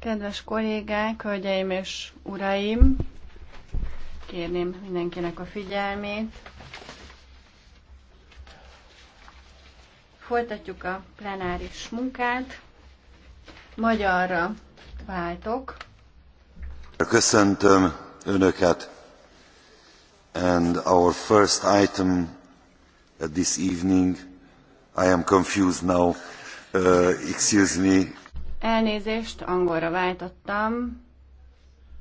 Kedves kollégák, hölgyeim és uraim, kérném mindenkinek a figyelmét. Folytatjuk a plenáris munkát. Magyarra váltok. Köszöntöm Önöket, and our first item this evening I am confused now. Uh, excuse me. Elnézést, angolra váltottam.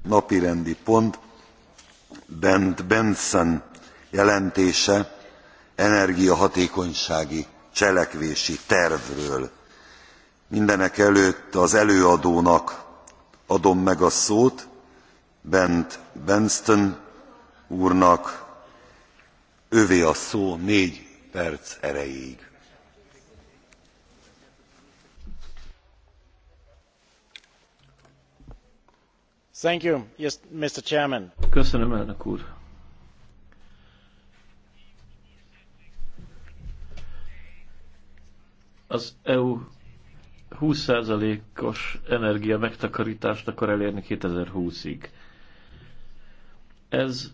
Napirendi pont. Bent Benson jelentése energiahatékonysági cselekvési tervről. Mindenekelőtt az előadónak adom meg a szót, Bent Benston úrnak. Övé a szó négy perc erejéig. Köszönöm, elnök úr. Az EU 20%-os energia akar elérni twenty ig Ez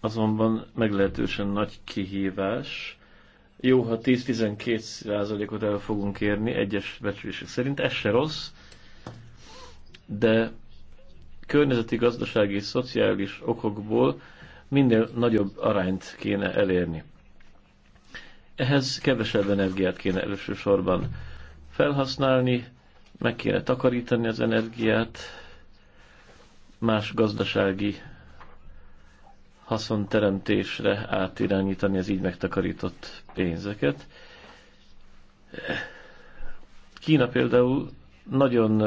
azonban meglehetősen nagy kihívás. Jó, ha ten twelve ot el fogunk érni egyes becslések szerint, ez se rossz, de környezeti, gazdasági és szociális okokból minél nagyobb arányt kéne elérni. Ehhez kevesebb energiát kéne elsősorban felhasználni, meg kéne takarítani az energiát, más gazdasági haszonteremtésre átirányítani az így megtakarított pénzeket. Kína például nagyon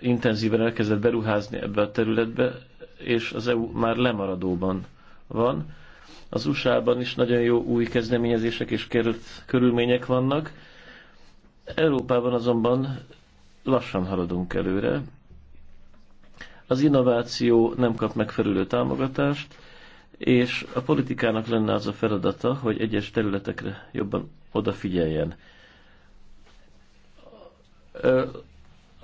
intenzíven elkezdett beruházni ebbe a területbe, és az EU már lemaradóban van. Az USA-ban is nagyon jó új kezdeményezések és körülmények vannak. Európában azonban lassan haladunk előre. Az innováció nem kap megfelelő támogatást, és a politikának lenne az a feladata, hogy egyes területekre jobban odafigyeljen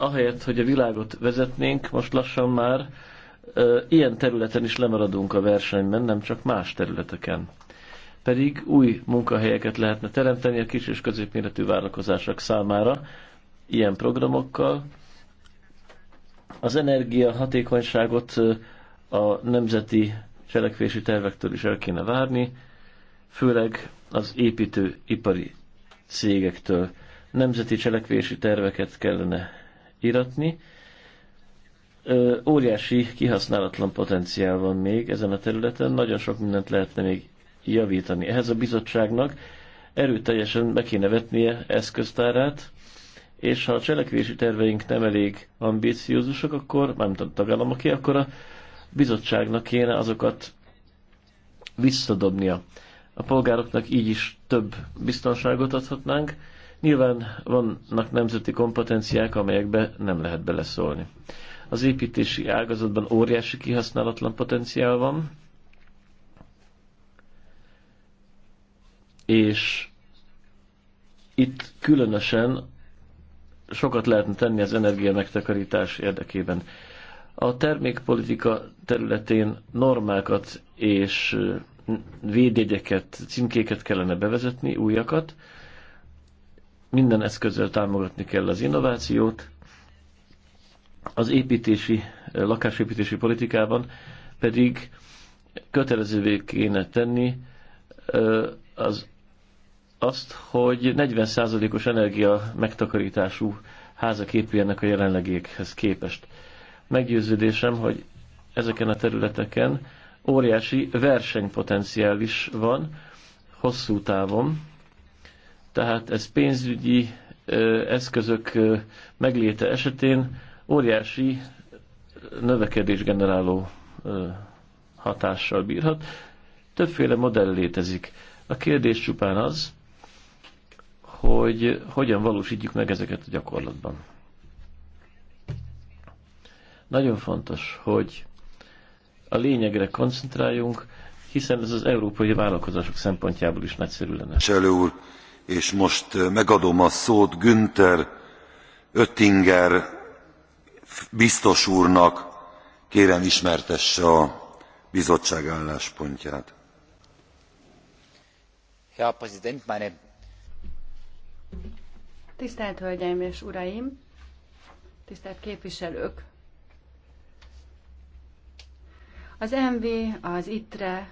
ahelyett, hogy a világot vezetnénk, most lassan már e, ilyen területen is lemaradunk a versenyben, nem csak más területeken. Pedig új munkahelyeket lehetne teremteni a kis és középméretű vállalkozások számára ilyen programokkal. Az energia hatékonyságot a nemzeti cselekvési tervektől is el kéne várni, főleg az építőipari cégektől. Nemzeti cselekvési terveket kellene íratni. Óriási kihasználatlan potenciál van még ezen a területen, nagyon sok mindent lehetne még javítani. Ehhez a bizottságnak erőteljesen be kéne vetnie eszköztárát, és ha a cselekvési terveink nem elég ambíciózusok, akkor, nem tudom, tagállamoké, akkor a bizottságnak kéne azokat visszadobnia. A polgároknak így is több biztonságot adhatnánk, Nyilván vannak nemzeti kompetenciák, amelyekbe nem lehet beleszólni. Az építési ágazatban óriási kihasználatlan potenciál van, és itt különösen sokat lehetne tenni az energia megtakarítás érdekében. A termékpolitika területén normákat és védjegyeket, címkéket kellene bevezetni, újakat, minden eszközzel támogatni kell az innovációt. Az építési, lakásépítési politikában pedig kötelezővé kéne tenni az, azt, hogy 40%-os energia megtakarítású házak épüljenek a jelenlegiekhez képest. Meggyőződésem, hogy ezeken a területeken óriási versenypotenciál is van hosszú távon, tehát ez pénzügyi eszközök megléte esetén óriási növekedés generáló hatással bírhat. Többféle modell létezik. A kérdés csupán az, hogy hogyan valósítjuk meg ezeket a gyakorlatban. Nagyon fontos, hogy a lényegre koncentráljunk, hiszen ez az európai vállalkozások szempontjából is nagyszerű lenne. úr, és most megadom a szót Günther Öttinger biztos úrnak, kérem ismertesse a bizottság álláspontját. Herr Präsident, meine Tisztelt Hölgyeim és Uraim, tisztelt képviselők! Az MV, az ITRE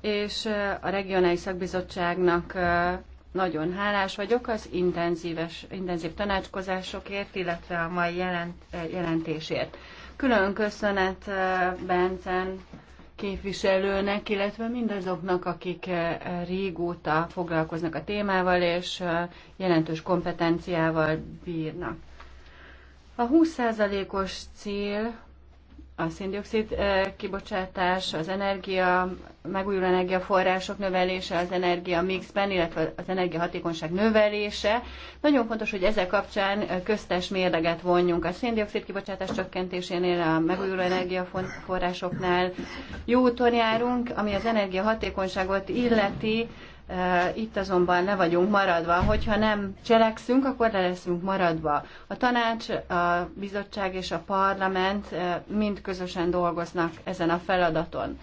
és a Regionális Szakbizottságnak nagyon hálás vagyok az intenzíves, intenzív tanácskozásokért, illetve a mai jelent, eh, jelentésért. Külön köszönet eh, Bencen képviselőnek, illetve mindazoknak, akik eh, régóta foglalkoznak a témával és jelentős kompetenciával bírnak. A 20%-os cél a széndiokszid kibocsátás, az energia, megújuló energiaforrások növelése, az energia mixben, illetve az energiahatékonyság növelése. Nagyon fontos, hogy ezzel kapcsán köztes mérleget vonjunk a széndiokszid kibocsátás csökkentésénél, a megújuló energiaforrásoknál. Jó úton járunk, ami az energiahatékonyságot illeti, itt azonban le vagyunk maradva. Hogyha nem cselekszünk, akkor le leszünk maradva. A tanács, a bizottság és a parlament mind közösen dolgoznak ezen a feladaton.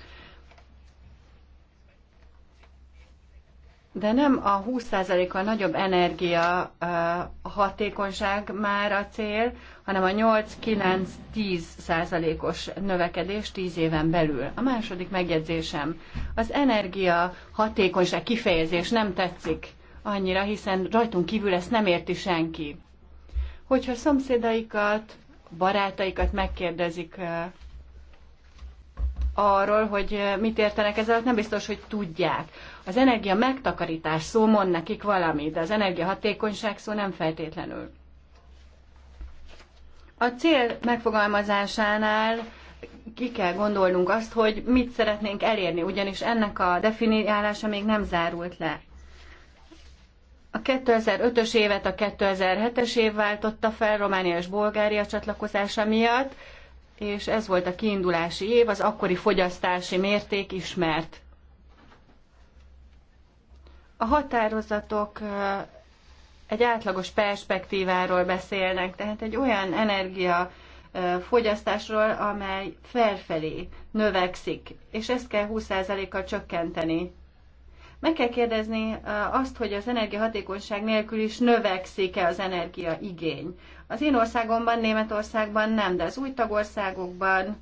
de nem a 20 a nagyobb energia a hatékonyság már a cél, hanem a 8-9-10%-os növekedés 10 éven belül. A második megjegyzésem, az energia hatékonyság kifejezés nem tetszik annyira, hiszen rajtunk kívül ezt nem érti senki. Hogyha szomszédaikat, barátaikat megkérdezik arról, hogy mit értenek ezzel, nem biztos, hogy tudják. Az energia megtakarítás szó mond nekik valamit, de az hatékonyság szó nem feltétlenül. A cél megfogalmazásánál ki kell gondolnunk azt, hogy mit szeretnénk elérni, ugyanis ennek a definiálása még nem zárult le. A 2005-ös évet a 2007-es év váltotta fel Románia és Bulgária csatlakozása miatt, és ez volt a kiindulási év, az akkori fogyasztási mérték ismert. A határozatok egy átlagos perspektíváról beszélnek, tehát egy olyan energia fogyasztásról, amely felfelé növekszik, és ezt kell 20%-kal csökkenteni. Meg kell kérdezni azt, hogy az energiahatékonyság nélkül is növekszik-e az energiaigény. Az én országomban, Németországban nem, de az új tagországokban,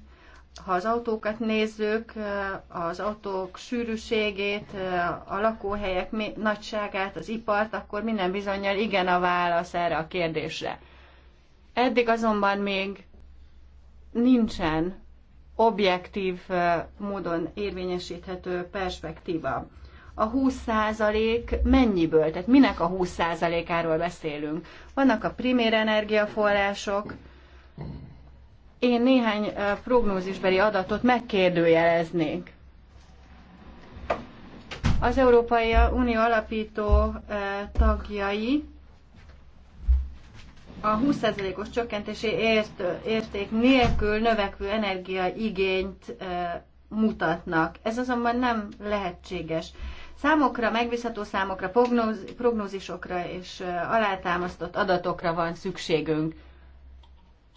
ha az autókat nézzük, az autók sűrűségét, a lakóhelyek nagyságát, az ipart, akkor minden bizonyal igen a válasz erre a kérdésre. Eddig azonban még nincsen objektív eh, módon érvényesíthető perspektíva a 20% mennyiből, tehát minek a 20%-áról beszélünk. Vannak a primér energiaforrások, én néhány prognózisbeli adatot megkérdőjeleznék. Az Európai Unió alapító tagjai a 20%-os csökkentési ért, érték nélkül növekvő energiaigényt mutatnak. Ez azonban nem lehetséges. Számokra, megbízható számokra, prognózisokra és alátámasztott adatokra van szükségünk.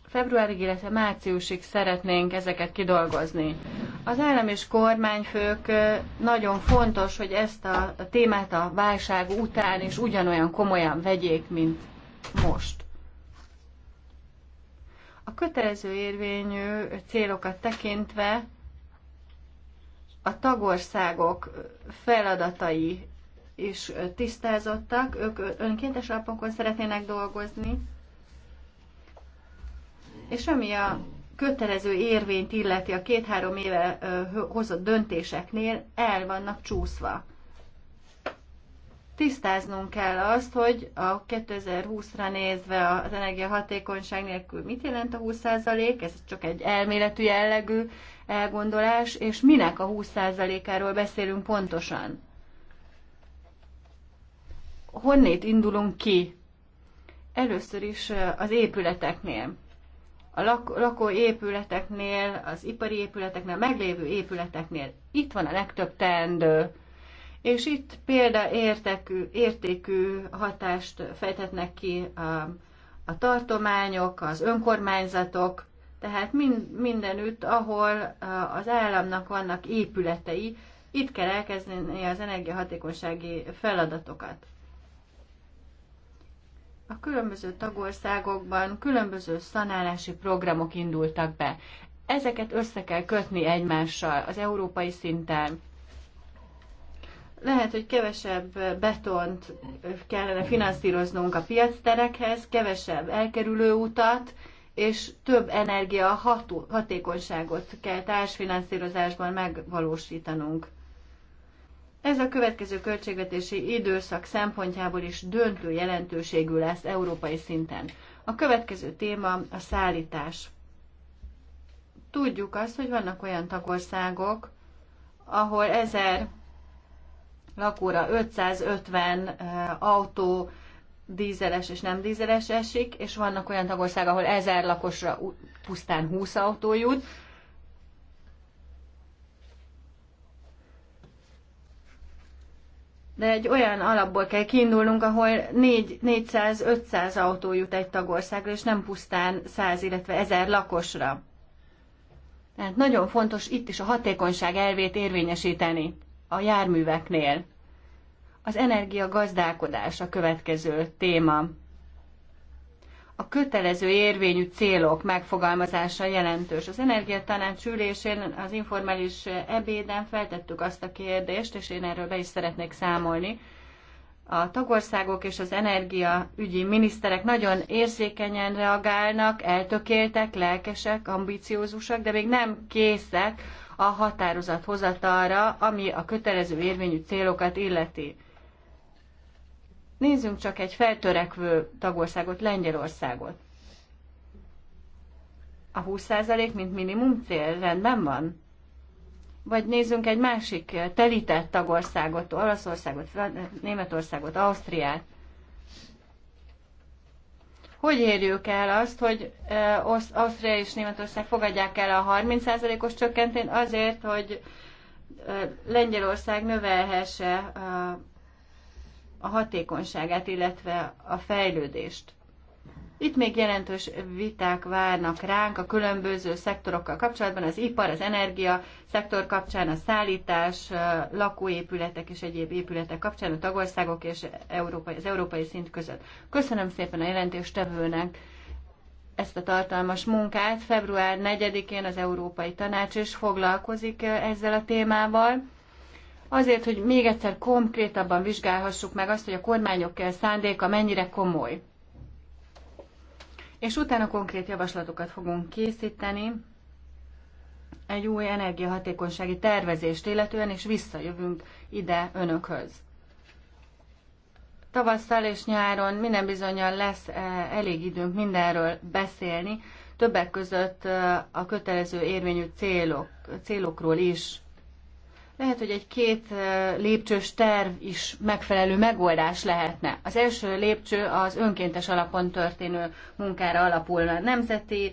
Februárig, illetve márciusig szeretnénk ezeket kidolgozni. Az állam és kormányfők nagyon fontos, hogy ezt a témát a válság után is ugyanolyan komolyan vegyék, mint most. A kötelező érvényű célokat tekintve a tagországok feladatai is tisztázottak, ők önkéntes alapokon szeretnének dolgozni, és ami a kötelező érvényt illeti a két-három éve hozott döntéseknél, el vannak csúszva. Tisztáznunk kell azt, hogy a 2020-ra nézve az energiahatékonyság nélkül mit jelent a 20%, ez csak egy elméletű jellegű elgondolás, és minek a 20%-áról beszélünk pontosan. Honnét indulunk ki? Először is az épületeknél. A lak- lakó épületeknél, az ipari épületeknél, a meglévő épületeknél. Itt van a legtöbb teendő. És itt értekű, értékű hatást fejtetnek ki a, a tartományok, az önkormányzatok, tehát mind, mindenütt, ahol az államnak vannak épületei, itt kell elkezdeni az energiahatékonysági feladatokat. A különböző tagországokban különböző szanálási programok indultak be. Ezeket össze kell kötni egymással az európai szinten. Lehet, hogy kevesebb betont kellene finanszíroznunk a piacterekhez, kevesebb elkerülő utat, és több energia ható, hatékonyságot kell társfinanszírozásban megvalósítanunk. Ez a következő költségvetési időszak szempontjából is döntő jelentőségű lesz európai szinten. A következő téma a szállítás. Tudjuk azt, hogy vannak olyan tagországok, ahol ezer lakóra 550 eh, autó dízeles és nem dízeles esik, és vannak olyan tagország, ahol ezer lakosra pusztán 20 autó jut. De egy olyan alapból kell kiindulnunk, ahol 400-500 autó jut egy tagországra, és nem pusztán 100, illetve 1000 lakosra. Tehát nagyon fontos itt is a hatékonyság elvét érvényesíteni a járműveknél. Az energiagazdálkodás a következő téma. A kötelező érvényű célok megfogalmazása jelentős. Az energiatanács ülésén, az informális ebéden feltettük azt a kérdést, és én erről be is szeretnék számolni. A tagországok és az energiaügyi miniszterek nagyon érzékenyen reagálnak, eltökéltek, lelkesek, ambiciózusak, de még nem készek a határozat ami a kötelező érvényű célokat illeti. Nézzünk csak egy feltörekvő tagországot, Lengyelországot. A 20% mint minimum cél rendben van? Vagy nézzünk egy másik telített tagországot, Olaszországot, Németországot, Ausztriát. Hogy érjük el azt, hogy e, Ausztria és Németország fogadják el a 30%-os csökkentén azért, hogy e, Lengyelország növelhesse e, a hatékonyságát, illetve a fejlődést. Itt még jelentős viták várnak ránk a különböző szektorokkal kapcsolatban, az ipar, az energia szektor kapcsán, a szállítás, lakóépületek és egyéb épületek kapcsán, a tagországok és európai, az európai szint között. Köszönöm szépen a jelentéstevőnek ezt a tartalmas munkát. Február 4-én az Európai Tanács is foglalkozik ezzel a témával azért, hogy még egyszer konkrétabban vizsgálhassuk meg azt, hogy a kormányok szándéka mennyire komoly. És utána konkrét javaslatokat fogunk készíteni egy új energiahatékonysági tervezést illetően, és visszajövünk ide önökhöz. Tavasszal és nyáron minden bizonyal lesz eh, elég időnk mindenről beszélni, többek között eh, a kötelező érvényű célok, célokról is lehet, hogy egy két lépcsős terv is megfelelő megoldás lehetne. Az első lépcső az önkéntes alapon történő munkára alapulna. Nemzeti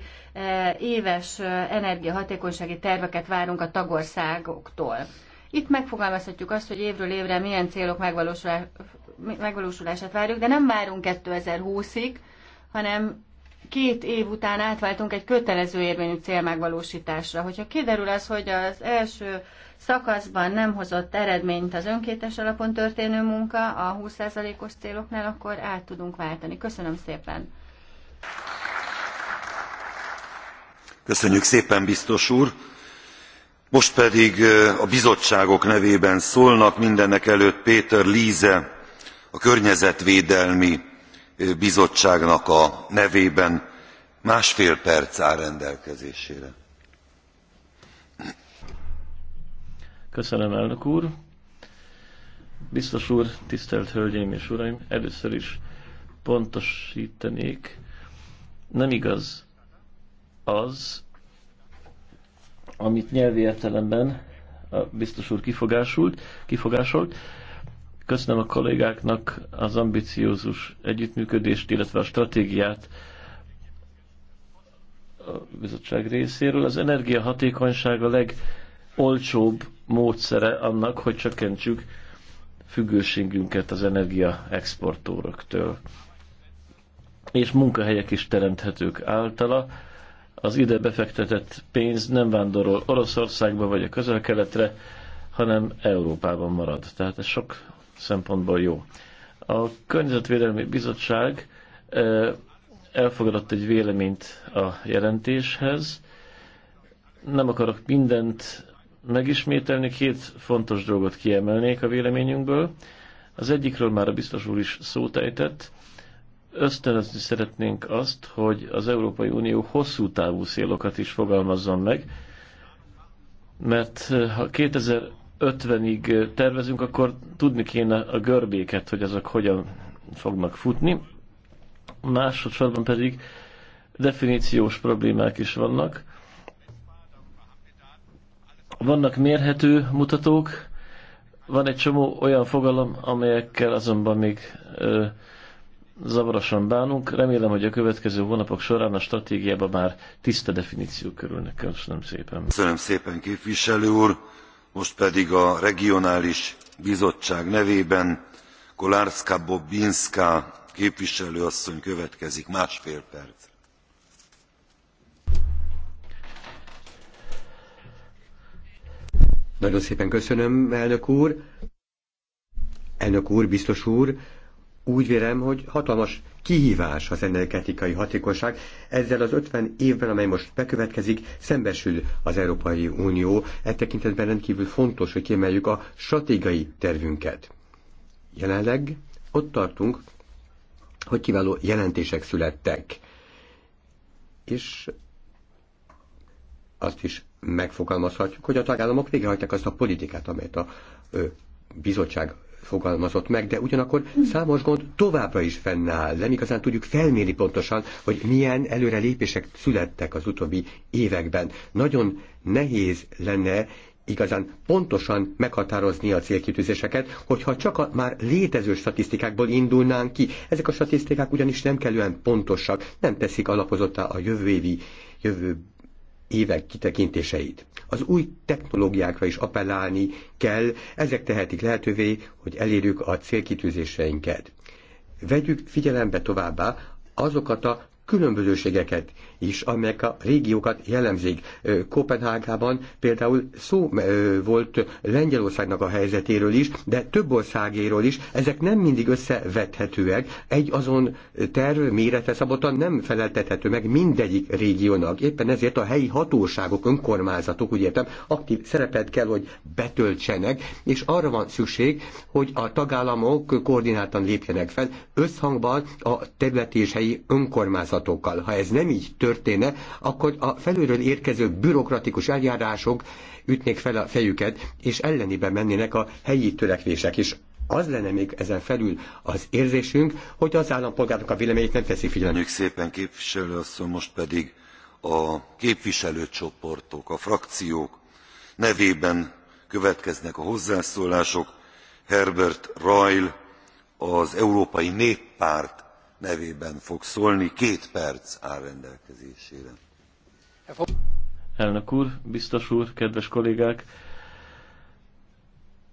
éves energiahatékonysági terveket várunk a tagországoktól. Itt megfogalmazhatjuk azt, hogy évről évre milyen célok megvalósulását várjuk, de nem várunk 2020-ig, hanem két év után átváltunk egy kötelező érvényű cél megvalósításra. Hogyha kiderül az, hogy az első szakaszban nem hozott eredményt az önkétes alapon történő munka a 20%-os céloknál, akkor át tudunk váltani. Köszönöm szépen! Köszönjük szépen, biztos úr! Most pedig a bizottságok nevében szólnak mindenekelőtt Péter Líze, a Környezetvédelmi Bizottságnak a nevében. Másfél perc áll rendelkezésére. Köszönöm, elnök úr. Biztos úr, tisztelt hölgyeim és uraim, először is pontosítanék, nem igaz az, amit nyelvi értelemben a biztos úr kifogásult, kifogásolt. Köszönöm a kollégáknak az ambiciózus együttműködést, illetve a stratégiát a bizottság részéről. Az energiahatékonyság a legolcsóbb módszere annak, hogy csökkentsük függőségünket az energia exportőröktől. És munkahelyek is teremthetők általa. Az ide befektetett pénz nem vándorol Oroszországba vagy a közel-keletre, hanem Európában marad. Tehát ez sok szempontból jó. A Környezetvédelmi Bizottság elfogadott egy véleményt a jelentéshez. Nem akarok mindent megismételni, két fontos dolgot kiemelnék a véleményünkből. Az egyikről már a biztos úr is szót ejtett. Ösztönözni szeretnénk azt, hogy az Európai Unió hosszú távú célokat is fogalmazzon meg, mert eh, ha 2050-ig eh, tervezünk, akkor tudni kéne a görbéket, hogy azok hogyan fognak futni. Másodszorban pedig definíciós problémák is vannak vannak mérhető mutatók, van egy csomó olyan fogalom, amelyekkel azonban még ö, zavarosan bánunk. Remélem, hogy a következő hónapok során a stratégiában már tiszta definíció körülnek. Köszönöm szépen. Köszönöm szépen, képviselő úr. Most pedig a regionális bizottság nevében Kolárszka Bobinska képviselőasszony következik másfél perc. Nagyon szépen köszönöm, elnök úr. Elnök úr, biztos úr, úgy vélem, hogy hatalmas kihívás az energetikai hatékonyság. Ezzel az 50 évben, amely most bekövetkezik, szembesül az Európai Unió. E tekintetben rendkívül fontos, hogy kiemeljük a stratégiai tervünket. Jelenleg ott tartunk, hogy kiváló jelentések születtek. És azt is megfogalmazhatjuk, hogy a tagállamok végrehajtják azt a politikát, amelyet a ö, bizottság fogalmazott meg, de ugyanakkor számos gond továbbra is fennáll. Nem igazán tudjuk felmérni pontosan, hogy milyen előrelépések születtek az utóbbi években. Nagyon nehéz lenne igazán pontosan meghatározni a célkitűzéseket, hogyha csak a már létező statisztikákból indulnánk ki. Ezek a statisztikák ugyanis nem kellően pontosak, nem teszik alapozottá a jövő évi, jövő évek kitekintéseit. Az új technológiákra is appellálni kell, ezek tehetik lehetővé, hogy elérjük a célkitűzéseinket. Vegyük figyelembe továbbá azokat a különbözőségeket, is, amelyek a régiókat jellemzik. Kopenhágában például szó volt Lengyelországnak a helyzetéről is, de több országéről is. Ezek nem mindig összevethetőek. Egy azon terv mérete szabottan nem feleltethető meg mindegyik régiónak. Éppen ezért a helyi hatóságok, önkormányzatok, úgy értem, aktív szerepet kell, hogy betöltsenek, és arra van szükség, hogy a tagállamok koordináltan lépjenek fel, összhangban a területi és helyi önkormányzatokkal. Ha ez nem így történik, történne, akkor a felülről érkező bürokratikus eljárások ütnék fel a fejüket, és ellenébe mennének a helyi törekvések. is. az lenne még ezen felül az érzésünk, hogy az állampolgárnak a véleményét nem teszik figyelembe. Köszönjük szépen képviselő asszony, most pedig a képviselőcsoportok, a frakciók nevében következnek a hozzászólások. Herbert Reil, az Európai Néppárt nevében fog szólni. Két perc áll rendelkezésére. Elnök úr, biztos úr, kedves kollégák!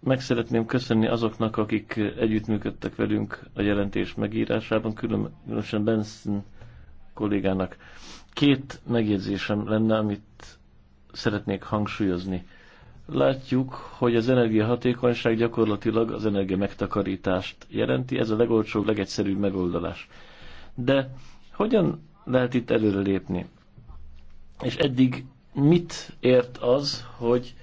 Meg szeretném köszönni azoknak, akik együttműködtek velünk a jelentés megírásában, különösen Benson kollégának. Két megjegyzésem lenne, amit szeretnék hangsúlyozni látjuk, hogy az energiahatékonyság gyakorlatilag az energia megtakarítást jelenti, ez a legolcsóbb, legegyszerűbb megoldás. De hogyan lehet itt előrelépni? És eddig mit ért az, hogy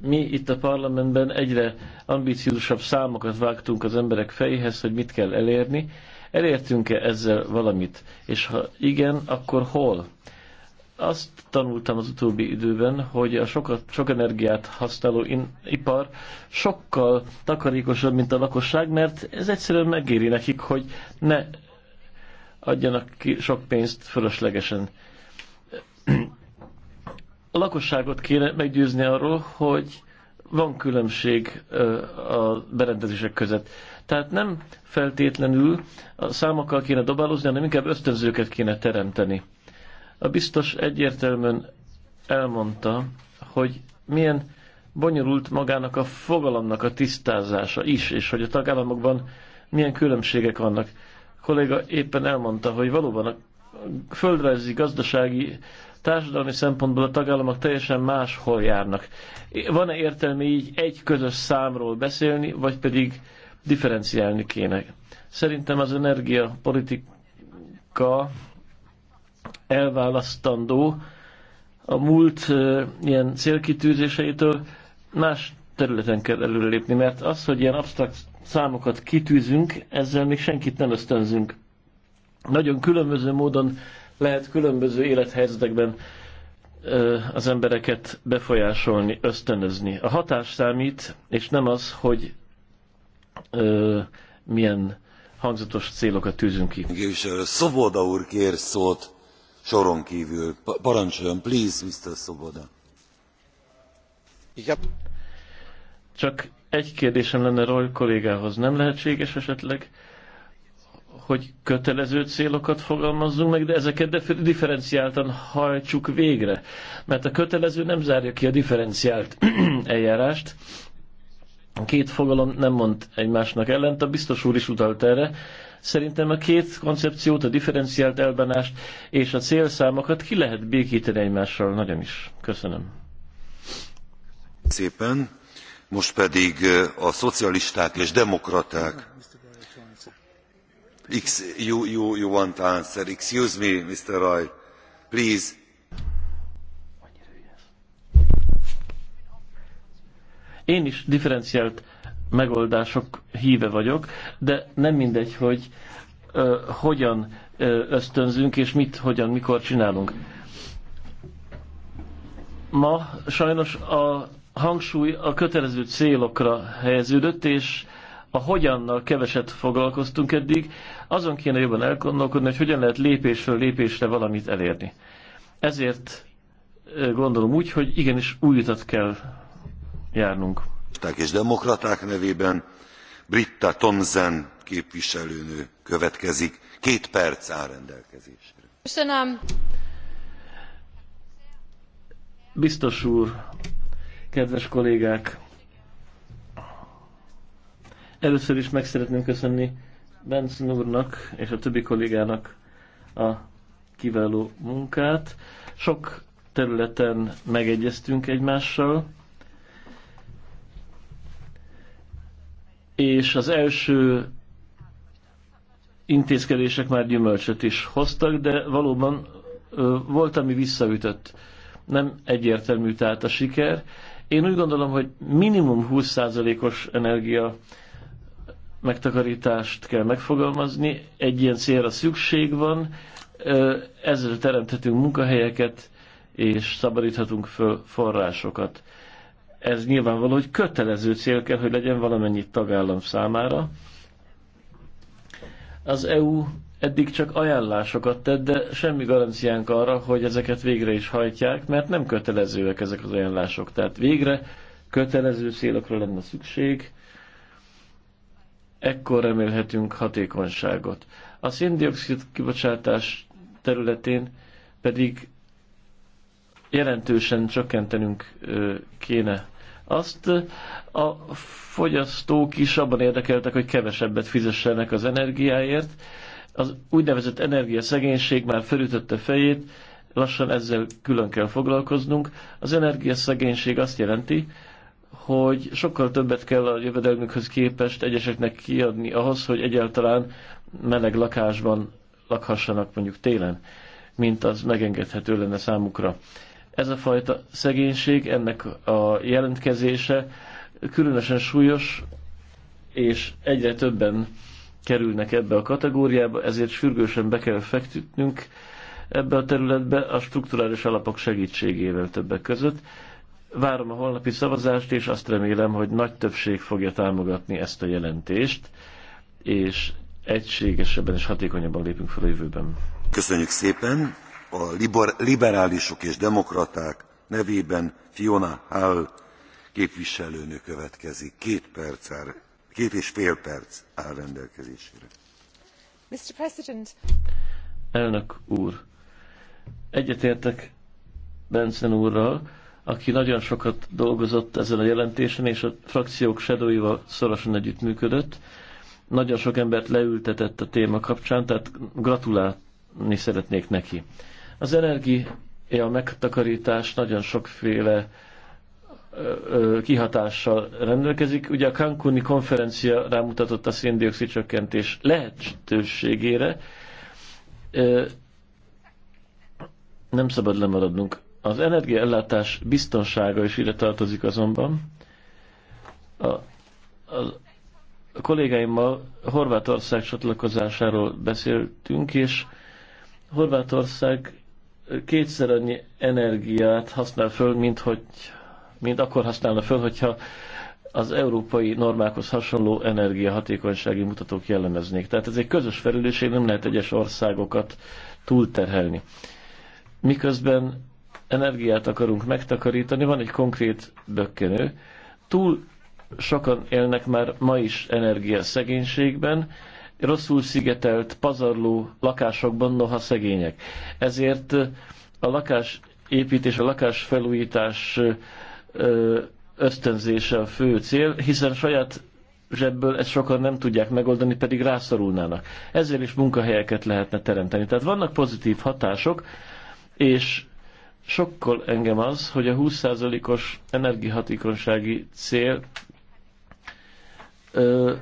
mi itt a parlamentben egyre ambiciózusabb számokat vágtunk az emberek fejéhez, hogy mit kell elérni. Elértünk-e ezzel valamit? És ha igen, akkor hol? azt tanultam az utóbbi időben, hogy a sokat, sok energiát használó in, ipar sokkal takarékosabb, mint a lakosság, mert ez egyszerűen megéri nekik, hogy ne adjanak ki sok pénzt fölöslegesen. A lakosságot kéne meggyőzni arról, hogy van különbség a berendezések között. Tehát nem feltétlenül a számokkal kéne dobálozni, hanem inkább ösztönzőket kéne teremteni. A biztos egyértelműen elmondta, hogy milyen bonyolult magának a fogalomnak a tisztázása is, és hogy a tagállamokban milyen különbségek vannak. A kolléga éppen elmondta, hogy valóban a földrajzi, gazdasági, társadalmi szempontból a tagállamok teljesen máshol járnak. Van-e értelme így egy közös számról beszélni, vagy pedig differenciálni kéne? Szerintem az energiapolitika elválasztandó a múlt ilyen célkitűzéseitől, más területen kell előrelépni, mert az, hogy ilyen absztrakt számokat kitűzünk, ezzel még senkit nem ösztönzünk. Nagyon különböző módon lehet különböző élethelyzetekben az embereket befolyásolni, ösztönözni. A hatás számít, és nem az, hogy ö, milyen hangzatos célokat tűzünk ki. Szoboda úr kér szót soron kvül. parancsoljon please mr swoboda! csak egy kérdésem lenne roy kollégához nem lehetséges esetleg hogy kötelező célokat fogalmazzunk meg, de ezeket differenciáltan hajtsuk végre. Mert a kötelező nem zárja ki a differenciált eljárást. A két fogalom nem mond egymásnak ellent, a biztos úr is utalt erre. Szerintem a két koncepciót, a differenciált elbánást és a célszámokat ki lehet békíteni egymással nagyon is. Köszönöm. Szépen. Most pedig eh, a szocialisták és demokraták. X, you, you, you want answer. Excuse me, Mr. Roy. Please. Én is differenciált megoldások híve vagyok, de nem mindegy, hogy ö, hogyan ö, ösztönzünk, és mit, hogyan, mikor csinálunk. Ma sajnos a hangsúly a kötelező célokra helyeződött, és a hogyannal keveset foglalkoztunk eddig, azon kéne jobban elgondolkodni, hogy hogyan lehet lépésről lépésre valamit elérni. Ezért gondolom úgy, hogy igenis új utat kell járnunk szocialisták és demokraták nevében britta thomsen képviselőnő következik. két perc áll rendelkezésre. Köszönöm. Biztos úr, kedves kollégák! Először is meg szeretném köszönni Benson úrnak és a többi kollégának a kiváló munkát. Sok területen megegyeztünk egymással, és az első intézkedések már gyümölcsöt is hoztak, de valóban volt, ami visszaütött. Nem egyértelmű tehát a siker. Én úgy gondolom, hogy minimum 20%-os energia megtakarítást kell megfogalmazni, egy ilyen célra szükség van, ezzel teremthetünk munkahelyeket, és szabadíthatunk föl forrásokat ez nyilvánvaló, hogy kötelező cél kell, hogy legyen valamennyi tagállam számára. Az EU eddig csak ajánlásokat tett, de semmi garanciánk arra, hogy ezeket végre is hajtják, mert nem kötelezőek ezek az ajánlások. Tehát végre kötelező célokra lenne szükség, ekkor remélhetünk hatékonyságot. A széndiokszid kibocsátás területén pedig jelentősen csökkentenünk kéne azt a fogyasztók is abban érdekeltek, hogy kevesebbet fizessenek az energiáért. Az úgynevezett energiaszegénység már felütötte fejét, lassan ezzel külön kell foglalkoznunk. Az energiaszegénység azt jelenti, hogy sokkal többet kell a jövedelmükhöz képest egyeseknek kiadni ahhoz, hogy egyáltalán meleg lakásban lakhassanak mondjuk télen, mint az megengedhető lenne számukra. Ez a fajta szegénység, ennek a jelentkezése különösen súlyos, és egyre többen kerülnek ebbe a kategóriába, ezért sürgősen be kell fektetnünk ebbe a területbe a strukturális alapok segítségével többek között. Várom a holnapi szavazást, és azt remélem, hogy nagy többség fogja támogatni ezt a jelentést, és egységesebben és hatékonyabban lépünk fel a jövőben. Köszönjük szépen! a liberálisok és demokraták nevében fiona hall képviselőnő következik két, perc áll, két és fél perc áll rendelkezésére. elnök úr egyetértek bendtsen úrral aki nagyon sokat dolgozott ezen a jelentésen és a frakciók shadowival szorosan együttműködött nagyon sok embert leültetett a téma kapcsán tehát gratulálni szeretnék neki. Az energia megtakarítás nagyon sokféle kihatással rendelkezik. Ugye a Cancuni konferencia rámutatott a széndiokszid csökkentés lehetőségére. Nem szabad lemaradnunk. Az energiaellátás biztonsága is ide tartozik azonban. A, a, a kollégáimmal Horvátország csatlakozásáról beszéltünk, és Horvátország kétszer annyi energiát használ föl, mint, hogy, mint akkor használna föl, hogyha az európai normákhoz hasonló energiahatékonysági mutatók jellemeznék. Tehát ez egy közös felelősség, nem lehet egyes országokat túlterhelni. Miközben energiát akarunk megtakarítani, van egy konkrét bökkenő. Túl sokan élnek már ma is energiaszegénységben, rosszul szigetelt, pazarló lakásokban, noha szegények. Ezért a lakásépítés, a lakásfelújítás ösztönzése a fő cél, hiszen saját zsebből ezt sokan nem tudják megoldani, pedig rászorulnának. Ezért is munkahelyeket lehetne teremteni. Tehát vannak pozitív hatások, és sokkal engem az, hogy a 20%-os energiahatékonysági cél ö,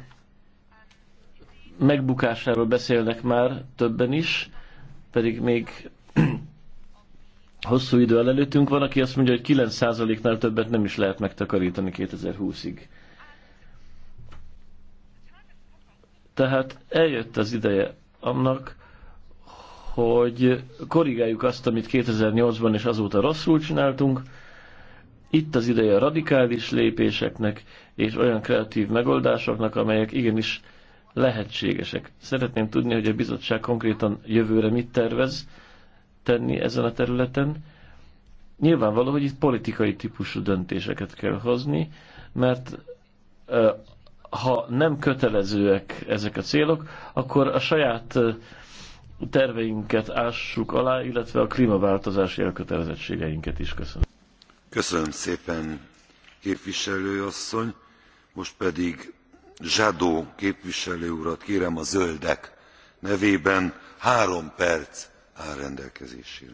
megbukásáról beszélnek már többen is, pedig még hosszú idő el előttünk van, aki azt mondja, hogy 9%-nál többet nem is lehet megtakarítani 2020-ig. Tehát eljött az ideje annak, hogy korrigáljuk azt, amit 2008-ban és azóta rosszul csináltunk. Itt az ideje a radikális lépéseknek és olyan kreatív megoldásoknak, amelyek igenis lehetségesek. Szeretném tudni, hogy a bizottság konkrétan jövőre mit tervez tenni ezen a területen. Nyilvánvaló, hogy itt politikai típusú döntéseket kell hozni, mert ha nem kötelezőek ezek a célok, akkor a saját terveinket ássuk alá, illetve a klímaváltozási elkötelezettségeinket is. Köszönöm. Köszönöm szépen, képviselőasszony. Most pedig jadot képviselő urat kérem a zöldek nevében három perc áll rendelkezésére.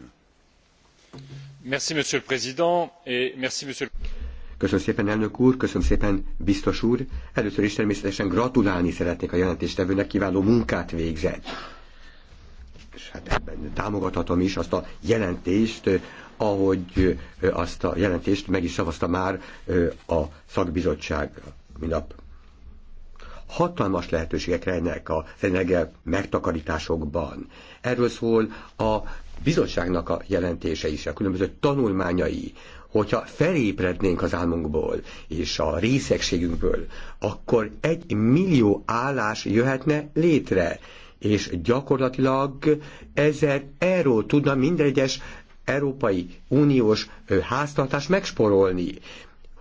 Köszönöm szépen, elnök úr, köszönöm szépen, biztos úr. Először is természetesen gratulálni szeretnék a jelentéstevőnek, kiváló munkát végzett. És hát ebben támogathatom is azt a jelentést, eh, ahogy eh, azt a jelentést meg is szavazta már eh, a szakbizottság minap hatalmas lehetőségek rejnek az energia megtakarításokban. Erről szól a bizottságnak a jelentése is, a különböző tanulmányai, hogyha felébrednénk az álmunkból és a részegségünkből, akkor egy millió állás jöhetne létre, és gyakorlatilag ezer euró tudna minden egyes Európai Uniós háztartás megsporolni.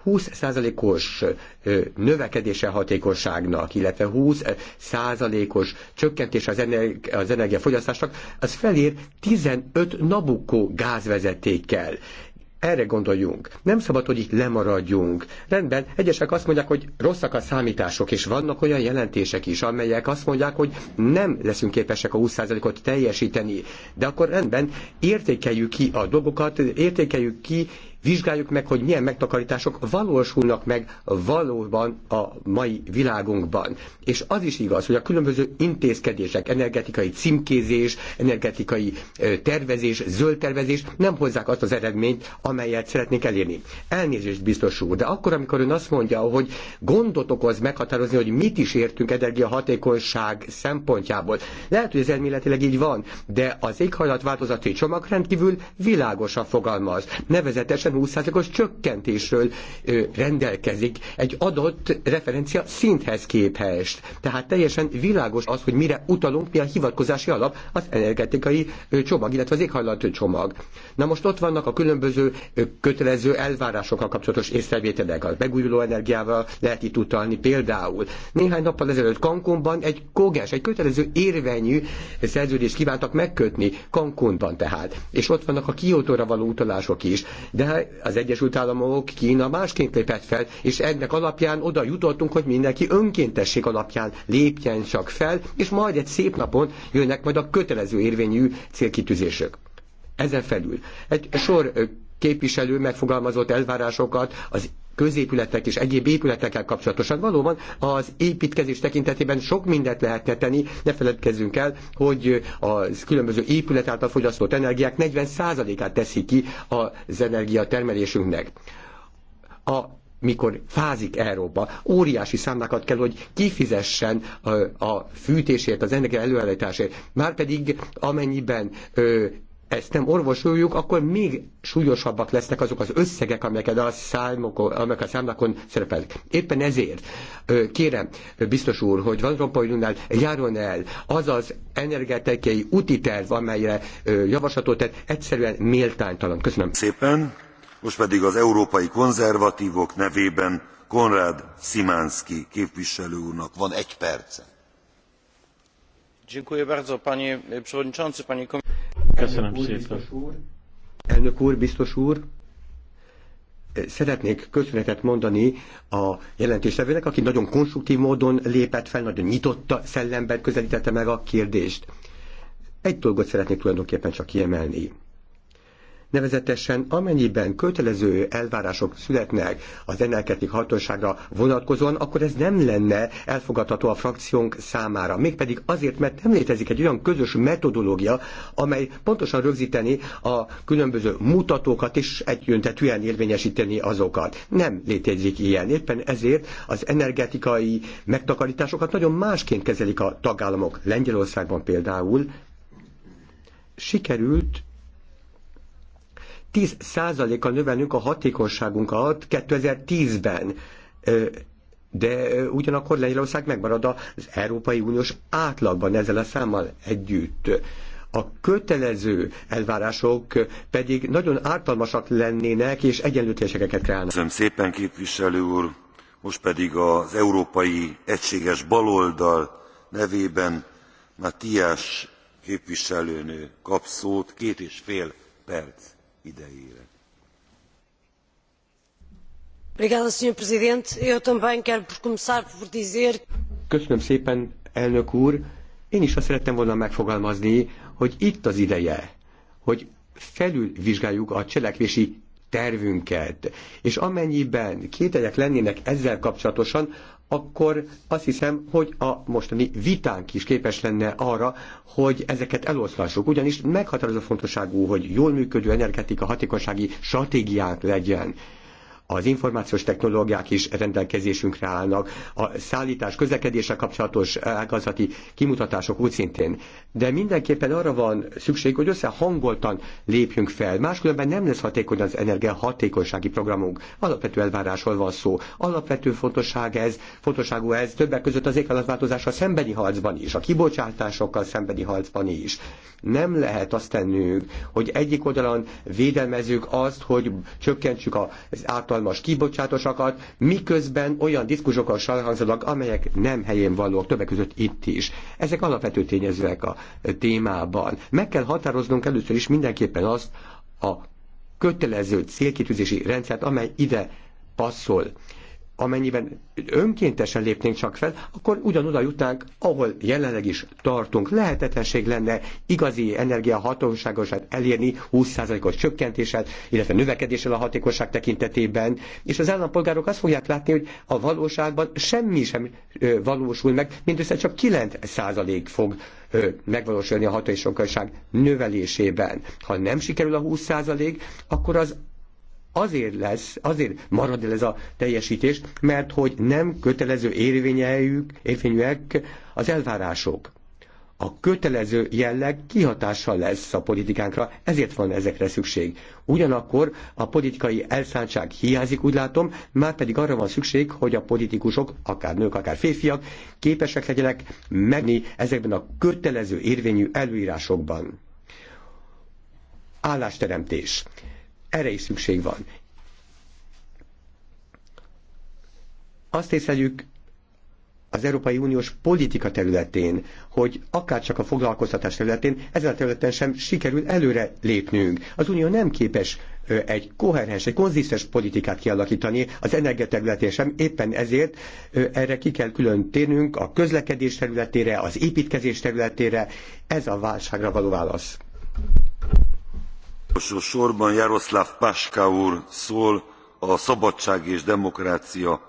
20%-os növekedése hatékosságnak, illetve 20%-os csökkentés az, energi- az energiafogyasztásnak, az felér 15 nabukó gázvezetékkel. Erre gondoljunk. Nem szabad, hogy itt lemaradjunk. Rendben, egyesek azt mondják, hogy rosszak a számítások, és vannak olyan jelentések is, amelyek azt mondják, hogy nem leszünk képesek a 20%-ot teljesíteni. De akkor rendben, értékeljük ki a dolgokat, értékeljük ki, Vizsgáljuk meg, hogy milyen megtakarítások valósulnak meg valóban a mai világunkban. És az is igaz, hogy a különböző intézkedések, energetikai címkézés, energetikai tervezés, zöld tervezés nem hozzák azt az eredményt, amelyet szeretnénk elérni. Elnézést biztos úr, de akkor, amikor ön azt mondja, hogy gondot okoz meghatározni, hogy mit is értünk energiahatékonyság szempontjából. Lehet, hogy ez elméletileg így van, de az éghajlatváltozati csomag rendkívül világosan fogalmaz. Nevezetesen 20%-os csökkentésről rendelkezik egy adott referencia szinthez képest. Tehát teljesen világos az, hogy mire utalunk, mi a hivatkozási alap az energetikai csomag, illetve az éghajlat csomag. Na most ott vannak a különböző kötelező elvárásokkal kapcsolatos észrevételek, a megújuló energiával lehet itt utalni például. Néhány nappal ezelőtt Cancúnban egy kogás, egy kötelező érvényű szerződést kívántak megkötni Cancúnban tehát. És ott vannak a kiótóra való utalások is. De hát az Egyesült Államok, Kína másként lépett fel, és ennek alapján oda jutottunk, hogy mindenki önkéntesség alapján lépjen csak fel, és majd egy szép napon jönnek majd a kötelező érvényű célkitűzések. Ezen felül egy sor képviselő megfogalmazott elvárásokat az középületek és egyéb épületekkel kapcsolatosan. Valóban az építkezés tekintetében sok mindent lehetne tenni, ne feledkezzünk el, hogy az különböző épület által fogyasztott energiák 40%-át teszi ki az energiatermelésünknek. A mikor fázik Európa, óriási számlákat kell, hogy kifizessen a fűtésért, az energia előállításért. Márpedig amennyiben ezt nem orvosoljuk, akkor még súlyosabbak lesznek azok az összegek, amelyeket a, számokon, amelyek a számlakon szerepelnek. Éppen ezért kérem, biztos úr, hogy Van Rompuy járjon el az az energetikai úti terv, amelyre javaslatot tett, egyszerűen méltánytalan. Köszönöm. Szépen. Most pedig az európai konzervatívok nevében Konrad Szimánszki képviselő úrnak van egy perce. Dziękuję bardzo, panie przewodniczący, panie komisarzu Köszönöm úr, szépen. Biztos úr. Elnök úr, biztos úr. Szeretnék köszönetet mondani a jelentéstevőnek, aki nagyon konstruktív módon lépett fel, nagyon nyitotta szellemben közelítette meg a kérdést. Egy dolgot szeretnék tulajdonképpen csak kiemelni. Nevezetesen amennyiben kötelező elvárások születnek az energetik hatóságra vonatkozóan, akkor ez nem lenne elfogadható a frakciónk számára. Mégpedig azért, mert nem létezik egy olyan közös metodológia, amely pontosan rögzíteni a különböző mutatókat és egyöntetűen érvényesíteni azokat. Nem létezik ilyen. Éppen ezért az energetikai megtakarításokat nagyon másként kezelik a tagállamok. Lengyelországban például sikerült 10%-kal növelünk a alatt 2010-ben de ugyanakkor Lengyelország megmarad az Európai Uniós átlagban ezzel a számmal együtt. A kötelező elvárások pedig nagyon ártalmasak lennének, és egyenlőtlenségeket kreálnak. Köszönöm szépen, képviselő úr! Most pedig az Európai Egységes Baloldal nevében Matthias képviselőnő kap szót két és fél perc idejére. Köszönöm szépen, elnök úr. Én is azt szerettem volna megfogalmazni, hogy itt az ideje, hogy felülvizsgáljuk a cselekvési tervünket, és amennyiben kételyek lennének ezzel kapcsolatosan, akkor azt hiszem, hogy a mostani vitánk is képes lenne arra, hogy ezeket eloszlassuk. Ugyanis meghatározó fontosságú, hogy jól működő energetika hatékonysági stratégiánk legyen az információs technológiák is rendelkezésünkre állnak, a szállítás közlekedése kapcsolatos ágazati kimutatások úgy szintén. De mindenképpen arra van szükség, hogy összehangoltan lépjünk fel, máskülönben nem lesz hatékony az energia hatékonysági programunk. Alapvető elvárásról van szó. Alapvető fontosság ez, fontosságú ez többek között az éghajlatváltozással szembeni harcban is, a kibocsátásokkal szembeni harcban is. Nem lehet azt tennünk, hogy egyik oldalon védelmezzük azt, hogy csökkentsük az által hatalmas kibocsátosakat, miközben olyan diskurzokkal sajhangzanak, amelyek nem helyén valók, többek között itt is. Ezek alapvető tényezőek a témában. Meg kell határoznunk először is mindenképpen azt a kötelező célkitűzési rendszert, amely ide passzol amennyiben önkéntesen lépnénk csak fel, akkor ugyanoda jutnánk, ahol jelenleg is tartunk. Lehetetlenség lenne igazi energiahatóságosát elérni 20%-os csökkentéssel, illetve növekedéssel a hatékosság tekintetében, és az állampolgárok azt fogják látni, hogy a valóságban semmi sem valósul meg, mindössze csak 9% fog megvalósulni a hatóságosság növelésében. Ha nem sikerül a 20%, akkor az azért lesz, azért marad el ez a teljesítés, mert hogy nem kötelező érvényeljük, érvényűek az elvárások. A kötelező jelleg kihatással lesz a politikánkra, ezért van ezekre szükség. Ugyanakkor a politikai elszántság hiányzik, úgy látom, már pedig arra van szükség, hogy a politikusok, akár nők, akár férfiak képesek legyenek megni ezekben a kötelező érvényű előírásokban. Állásteremtés. Erre is szükség van. Azt észleljük az Európai Uniós politika területén, hogy akárcsak a foglalkoztatás területén, ezen a területen sem sikerül előre lépnünk. Az Unió nem képes egy koherens, egy konzisztens politikát kialakítani az energia területén sem, éppen ezért erre ki kell külön térnünk a közlekedés területére, az építkezés területére, ez a válságra való válasz. Utolsó sorban Jaroszláv Páska úr szól a Szabadság és Demokrácia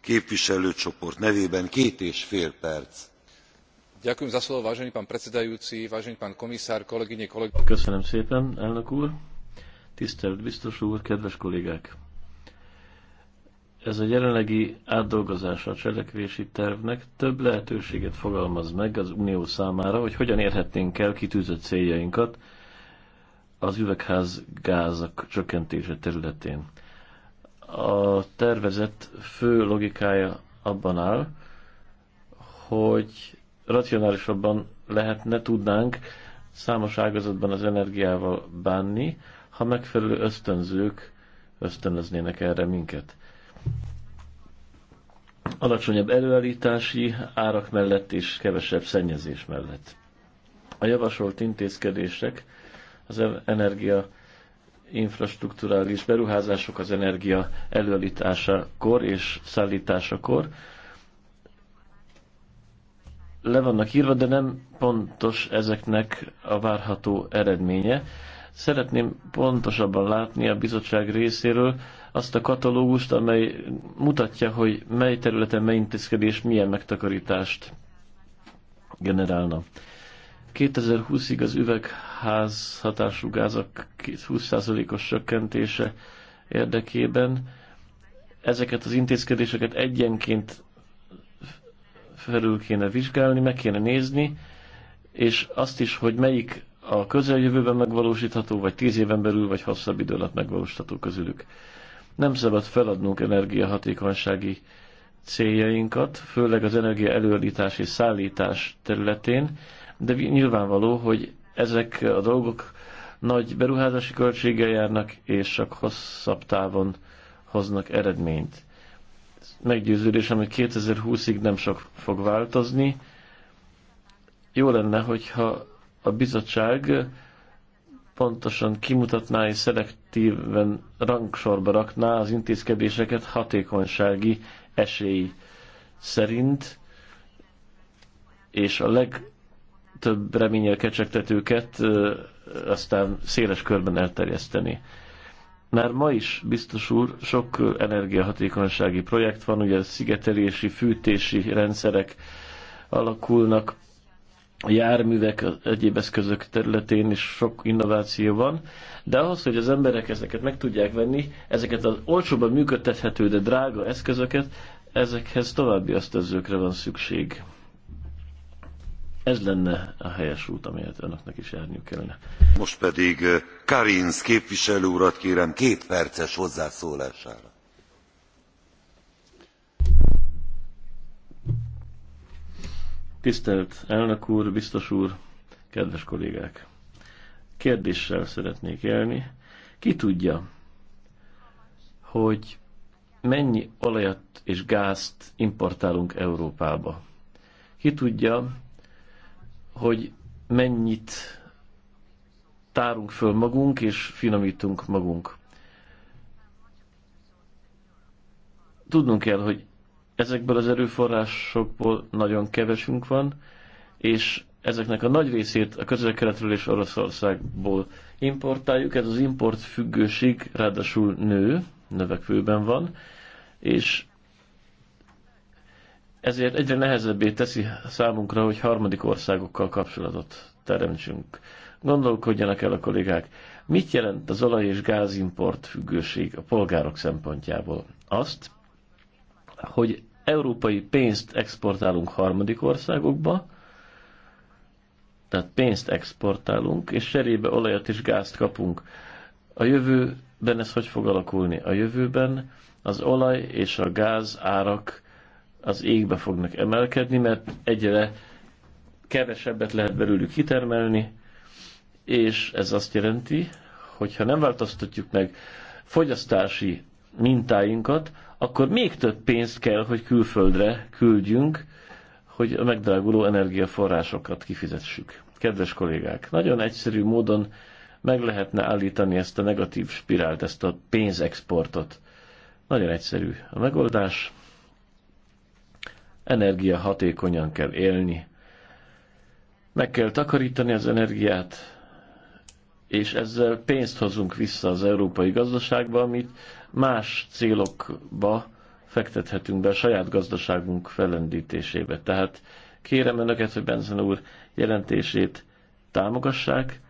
képviselőcsoport nevében két és fél perc. Köszönöm szépen, elnök úr, tisztelt biztos úr, kedves kollégák! ez a jelenlegi átdolgozása a cselekvési tervnek több lehetőséget fogalmaz meg az Unió számára, hogy hogyan érhetnénk el kitűzött céljainkat az üvegházgázak csökkentése területén. A tervezet fő logikája abban áll, hogy racionálisabban lehetne, tudnánk számos ágazatban az energiával bánni, ha megfelelő ösztönzők ösztönöznének erre minket. Alacsonyabb előállítási árak mellett és kevesebb szennyezés mellett. A javasolt intézkedések az energia infrastruktúrális beruházások az energia előállításakor és szállításakor le vannak írva, de nem pontos ezeknek a várható eredménye. Szeretném pontosabban látni a bizottság részéről azt a katalógust, amely mutatja, hogy mely területen mely intézkedés milyen megtakarítást generálna. 2020-ig az üvegház hatású gázak 20%-os csökkentése érdekében ezeket az intézkedéseket egyenként felül kéne vizsgálni, meg kéne nézni, és azt is, hogy melyik a közeljövőben megvalósítható, vagy tíz éven belül, vagy hosszabb idő alatt megvalósítható közülük. Nem szabad feladnunk energiahatékonysági céljainkat, főleg az energia előállítás és szállítás területén, de nyilvánvaló, hogy ezek a dolgok nagy beruházási költséggel járnak, és csak hosszabb távon hoznak eredményt. Meggyőződésem, hogy 2020-ig nem sok fog változni. Jó lenne, hogyha a bizottság pontosan kimutatná és szelektíven rangsorba rakná az intézkedéseket hatékonysági esély szerint, és a leg több reményel kecsegtetőket aztán széles körben elterjeszteni. Már ma is, biztos úr, sok energiahatékonysági projekt van, ugye szigetelési, fűtési rendszerek alakulnak, járművek, egyéb eszközök területén is sok innováció van, de ahhoz, hogy az emberek ezeket meg tudják venni, ezeket az olcsóban működtethető, de drága eszközöket, ezekhez további ösztönzőkre van szükség. Ez lenne a helyes út, amelyet önöknek is járniuk kellene. Most pedig eh, Karinsz képviselő urat kérem két perces hozzászólására. Tisztelt elnök úr, biztos úr, kedves kollégák! Kérdéssel szeretnék élni. Ki tudja, hogy mennyi olajat és gázt importálunk Európába? Ki tudja, hogy mennyit tárunk föl magunk és finomítunk magunk. Tudnunk kell, hogy ezekből az erőforrásokból nagyon kevesünk van, és ezeknek a nagy részét a közel-keletről és Oroszországból importáljuk. Ez az import függőség ráadásul nő, növekvőben van, és ezért egyre nehezebbé teszi számunkra, hogy harmadik országokkal kapcsolatot teremtsünk. Gondolkodjanak el a kollégák, mit jelent az olaj- és gázimport függőség a polgárok szempontjából? Azt, hogy európai pénzt exportálunk harmadik országokba, tehát pénzt exportálunk, és serébe olajat és gázt kapunk. A jövőben ez hogy fog alakulni? A jövőben az olaj és a gáz árak az égbe fognak emelkedni, mert egyre kevesebbet lehet belőlük kitermelni, és ez azt jelenti, hogy ha nem változtatjuk meg fogyasztási mintáinkat, akkor még több pénzt kell, hogy külföldre küldjünk, hogy a megdráguló energiaforrásokat kifizessük. Kedves kollégák, nagyon egyszerű módon meg lehetne állítani ezt a negatív spirált, ezt a pénzexportot. Nagyon egyszerű a megoldás energia hatékonyan kell élni, meg kell takarítani az energiát, és ezzel pénzt hozunk vissza az európai gazdaságba, amit más célokba fektethetünk be a saját gazdaságunk fellendítésébe. Tehát kérem Önöket, hogy Benzen úr jelentését támogassák,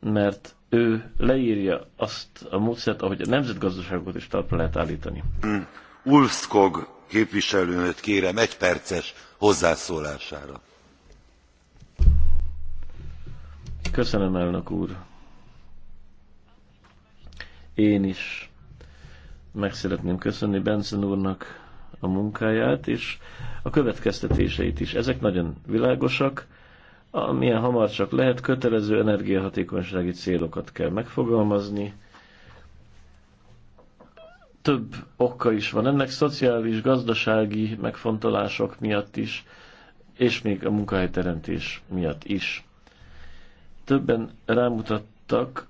mert ő leírja azt a módszert, ahogy a nemzetgazdaságot is talpra lehet állítani. Ulfskog képviselőnőt kérem egyperces hozzászólására. Köszönöm, elnök úr. Én is meg szeretném köszönni Benson úrnak a munkáját, és a következtetéseit is. Ezek nagyon világosak, amilyen hamar csak lehet, kötelező energiahatékonysági célokat kell megfogalmazni, több oka is van. Ennek szociális, gazdasági megfontolások miatt is, és még a munkahelyteremtés miatt is. Többen rámutattak,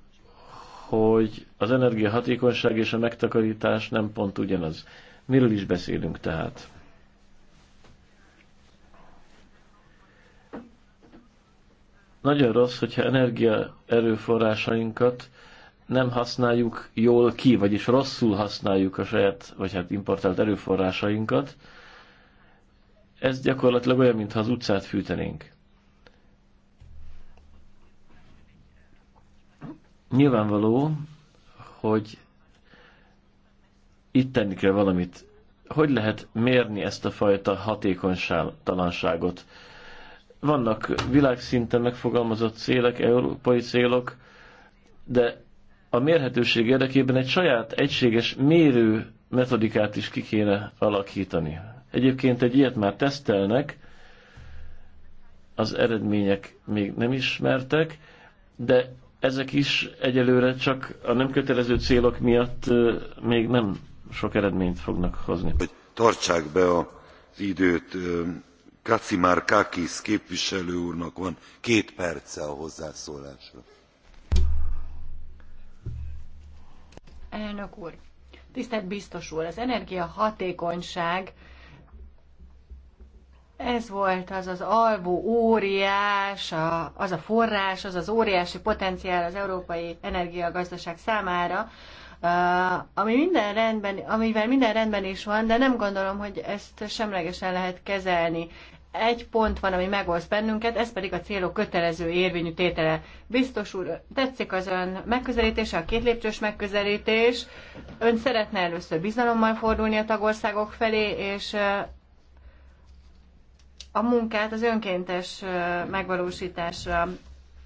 hogy az energiahatékonyság és a megtakarítás nem pont ugyanaz. Miről is beszélünk tehát? Nagyon rossz, hogyha energia erőforrásainkat nem használjuk jól ki, vagyis rosszul használjuk a saját, vagy hát importált erőforrásainkat, ez gyakorlatilag olyan, mintha az utcát fűtenénk. Nyilvánvaló, hogy itt tenni kell valamit. Hogy lehet mérni ezt a fajta hatékonyságtalanságot? Vannak világszinten megfogalmazott célek, európai célok, de a mérhetőség érdekében egy saját egységes mérő metodikát is ki kéne alakítani. Egyébként egy ilyet már tesztelnek, az eredmények még nem ismertek, de ezek is egyelőre csak a nem kötelező célok miatt még nem sok eredményt fognak hozni. Hogy tartsák be az időt, Kacimár Kakis képviselő úrnak van két perce a hozzászólásra. Elnök úr, tisztelt biztos úr, az energiahatékonyság ez volt az az alvó óriás, a, az a forrás, az az óriási potenciál az európai energiagazdaság számára, ami minden rendben, amivel minden rendben is van, de nem gondolom, hogy ezt semlegesen lehet kezelni egy pont van, ami megoszt bennünket, ez pedig a célok kötelező érvényű tétele. Biztos úr, tetszik az ön megközelítése, a kétlépcsős megközelítés. Ön szeretne először bizalommal fordulni a tagországok felé, és a munkát az önkéntes megvalósításra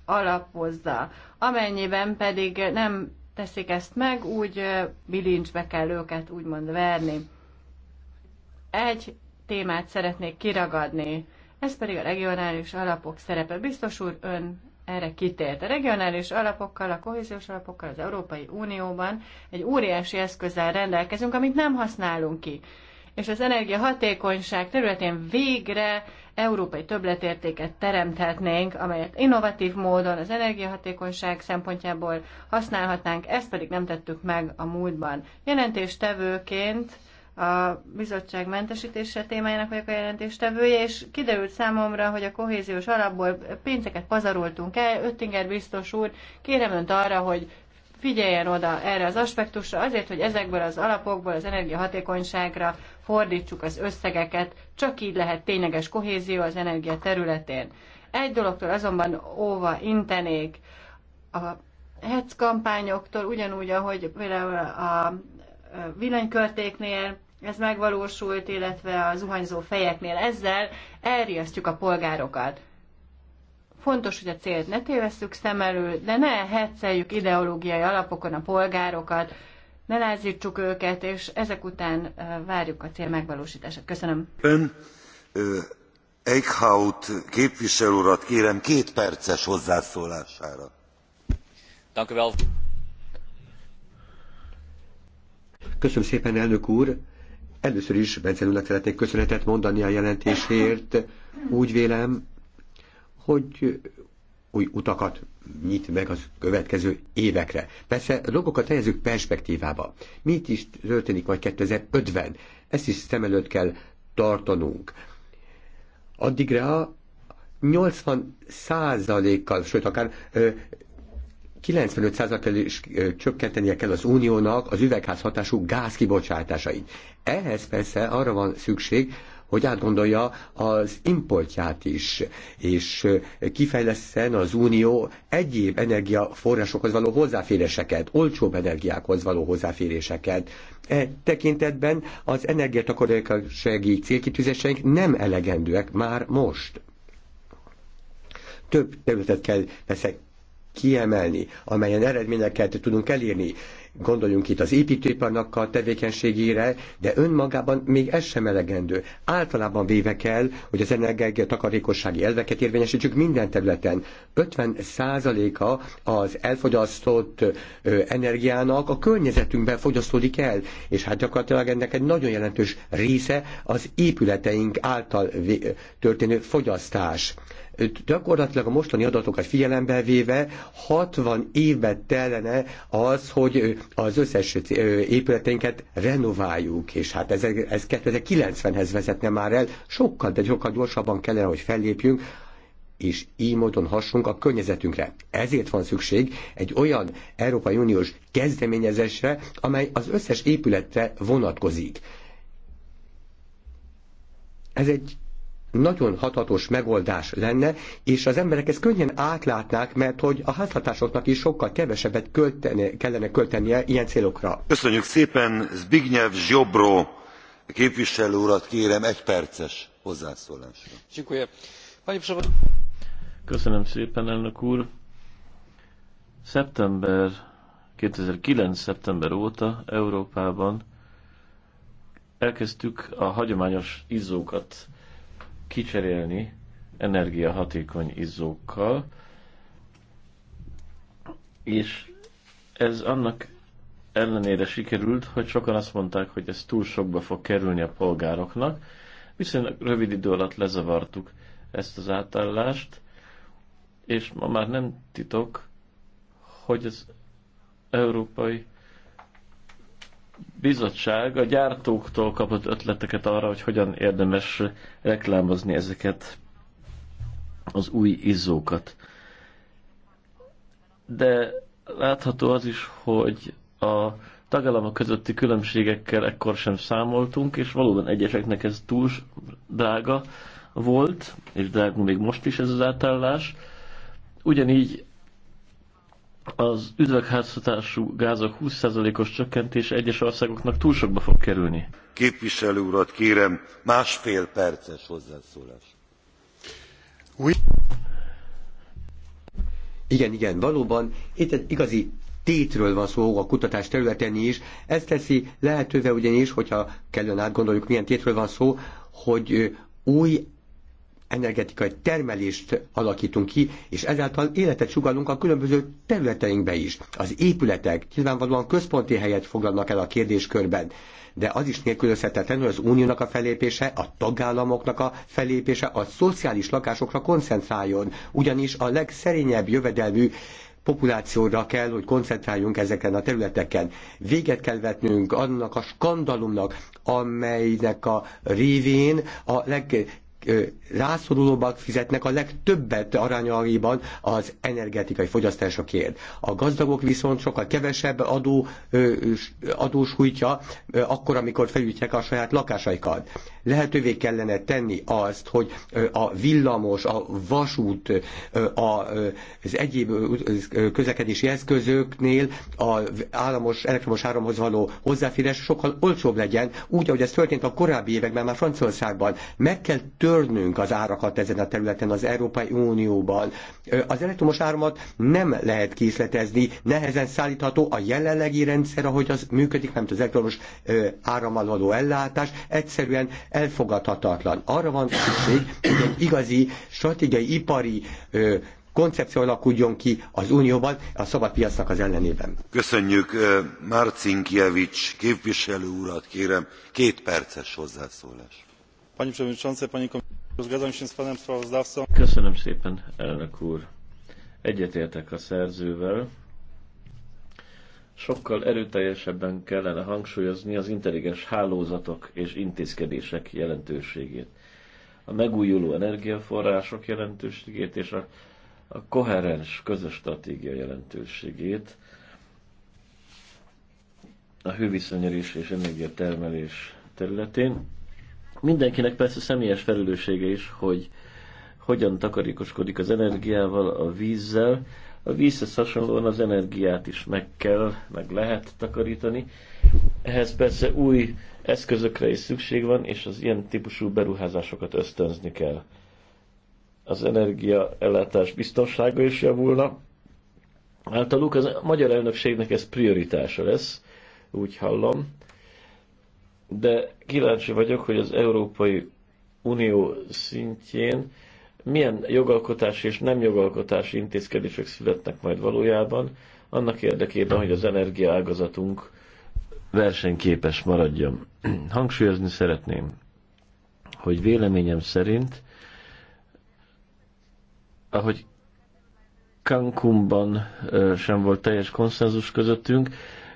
alapozza. Amennyiben pedig nem teszik ezt meg, úgy bilincsbe kell őket úgymond verni. Egy témát szeretnék kiragadni, ez pedig a regionális alapok szerepe. Biztos úr, ön erre kitért. A regionális alapokkal, a kohéziós alapokkal az Európai Unióban egy óriási eszközzel rendelkezünk, amit nem használunk ki. És az energiahatékonyság területén végre európai többletértéket teremthetnénk, amelyet innovatív módon az energiahatékonyság szempontjából használhatnánk, ezt pedig nem tettük meg a múltban. Jelentéstevőként a bizottság mentesítése témájának vagyok a jelentéstevője, és kiderült számomra, hogy a kohéziós alapból pénzeket pazaroltunk el. Öttinger biztos úr, kérem önt arra, hogy figyeljen oda erre az aspektusra, azért, hogy ezekből az alapokból az energiahatékonyságra fordítsuk az összegeket, csak így lehet tényleges kohézió az energia területén. Egy dologtól azonban óva intenék, a HEC kampányoktól, ugyanúgy, ahogy például a villanykörtéknél, ez megvalósult, illetve a zuhanyzó fejeknél. Ezzel elriasztjuk a polgárokat. Fontos, hogy a célt ne tévesszük szem elől, de ne hetszeljük ideológiai alapokon a polgárokat, ne lázítsuk őket, és ezek után várjuk a cél megvalósítását. Köszönöm. Ön ö, Eichhaut képviselőrat kérem két perces hozzászólására. Köszönöm szépen, elnök úr! Először is Bence szeretnék köszönetet mondani a jelentésért. Úgy vélem, hogy új utakat nyit meg az következő évekre. Persze dolgokat helyezzük perspektívába. Mit is történik majd 2050? Ezt is szem előtt kell tartanunk. Addigra 80 százalékkal, sőt akár 95%-kal is csökkentenie kell az uniónak az üvegházhatású gáz kibocsátásait. Ehhez persze arra van szükség, hogy átgondolja az importját is, és kifejleszten az Unió egyéb energiaforrásokhoz való hozzáféréseket, olcsóbb energiákhoz való hozzáféréseket. E tekintetben az energiatakarékossági célkitűzéseink nem elegendőek már most. Több területet kell persze kiemelni, amelyen eredményeket tudunk elérni. Gondoljunk itt az építőiparnak a tevékenységére, de önmagában még ez sem elegendő. Általában véve kell, hogy az takarékossági elveket érvényesítsük minden területen. 50%-a az elfogyasztott energiának a környezetünkben fogyasztódik el, és hát gyakorlatilag ennek egy nagyon jelentős része az épületeink által történő fogyasztás gyakorlatilag a mostani adatokat figyelembe véve 60 évbe tellene az, hogy az összes épületeinket renováljuk, és hát ez, ez 2090-hez vezetne már el, sokkal, de sokkal gyorsabban kellene, hogy fellépjünk, és így módon hassunk a környezetünkre. Ezért van szükség egy olyan Európai Uniós kezdeményezésre, amely az összes épületre vonatkozik. Ez egy nagyon hatatos megoldás lenne, és az emberek ezt könnyen átlátnák, mert hogy a háztartásoknak is sokkal kevesebbet költeni, kellene költenie ilyen célokra. Köszönjük szépen, Zbigniew Zsobró képviselő urat kérem egy perces hozzászólásra. Köszönöm szépen, elnök úr. Szeptember 2009. szeptember óta Európában elkezdtük a hagyományos izzókat kicserélni energiahatékony izzókkal, és ez annak ellenére sikerült, hogy sokan azt mondták, hogy ez túl sokba fog kerülni a polgároknak. viszont rövid idő alatt lezavartuk ezt az átállást, és ma már nem titok, hogy az Európai bizottság a gyártóktól kapott ötleteket arra, hogy hogyan érdemes reklámozni ezeket az új izzókat. De látható az is, hogy a tagállamok közötti különbségekkel ekkor sem számoltunk, és valóban egyeseknek ez túl drága volt, és drága még most is ez az átállás. Ugyanígy az üdvegházhatású gázok 20%-os csökkentése egyes országoknak túl sokba fog kerülni. Képviselő urat kérem, másfél perces hozzászólás. Új. Igen, igen, valóban itt egy igazi tétről van szó a kutatás területen is. Ez teszi lehetővé ugyanis, hogyha kellően átgondoljuk, milyen tétről van szó, hogy új energetikai termelést alakítunk ki, és ezáltal életet sugallunk a különböző területeinkbe is. Az épületek nyilvánvalóan központi helyet foglalnak el a kérdéskörben, de az is nélkülözhetetlen, hogy az uniónak a felépése, a tagállamoknak a felépése a szociális lakásokra koncentráljon, ugyanis a legszerényebb jövedelmű populációra kell, hogy koncentráljunk ezeken a területeken. Véget kell vetnünk annak a skandalumnak, amelynek a révén a leg rászorulóbbak fizetnek a legtöbbet arányaiban az energetikai fogyasztásokért. A gazdagok viszont sokkal kevesebb adó, adósújtja akkor, amikor felültják a saját lakásaikat. Lehetővé kellene tenni azt, hogy a villamos, a vasút, az egyéb közlekedési eszközöknél az államos elektromos áramhoz való hozzáférés sokkal olcsóbb legyen, úgy, ahogy ez történt a korábbi években már Franciaországban. Meg kell tör törnünk az árakat ezen a területen az Európai Unióban. Az elektromos áramat nem lehet készletezni, nehezen szállítható a jelenlegi rendszer, ahogy az működik, nem az elektromos árammal való ellátás, egyszerűen elfogadhatatlan. Arra van szükség, hogy egy igazi stratégiai, ipari koncepció alakuljon ki az Unióban a szabad piacnak az ellenében. Köszönjük Marcinkjevics képviselő urat, kérem, két perces hozzászólás. Panie Przewodniczący, Panie Komisarzu, zgadzam się z Panem Sprawozdawcą. Köszönöm szépen, elnök úr. Egyetértek a szerzővel. Sokkal erőteljesebben kellene hangsúlyozni az intelligens hálózatok és intézkedések jelentőségét, a megújuló energiaforrások jelentőségét és a, a koherens közös stratégia jelentőségét a hőviszonyerés és energiatermelés területén. Mindenkinek persze személyes felelőssége is, hogy hogyan takarékoskodik az energiával, a vízzel. A vízhez hasonlóan az energiát is meg kell, meg lehet takarítani. Ehhez persze új eszközökre is szükség van, és az ilyen típusú beruházásokat ösztönzni kell. Az energiaellátás biztonsága is javulna. Általuk az magyar elnökségnek ez prioritása lesz, úgy hallom de kíváncsi vagyok, hogy az Európai Unió szintjén milyen jogalkotási és nem jogalkotási intézkedések születnek majd valójában, annak érdekében, hogy az energiaágazatunk versenyképes maradjon. Hangsúlyozni szeretném, hogy véleményem szerint, ahogy Cancúnban sem volt teljes konszenzus közöttünk,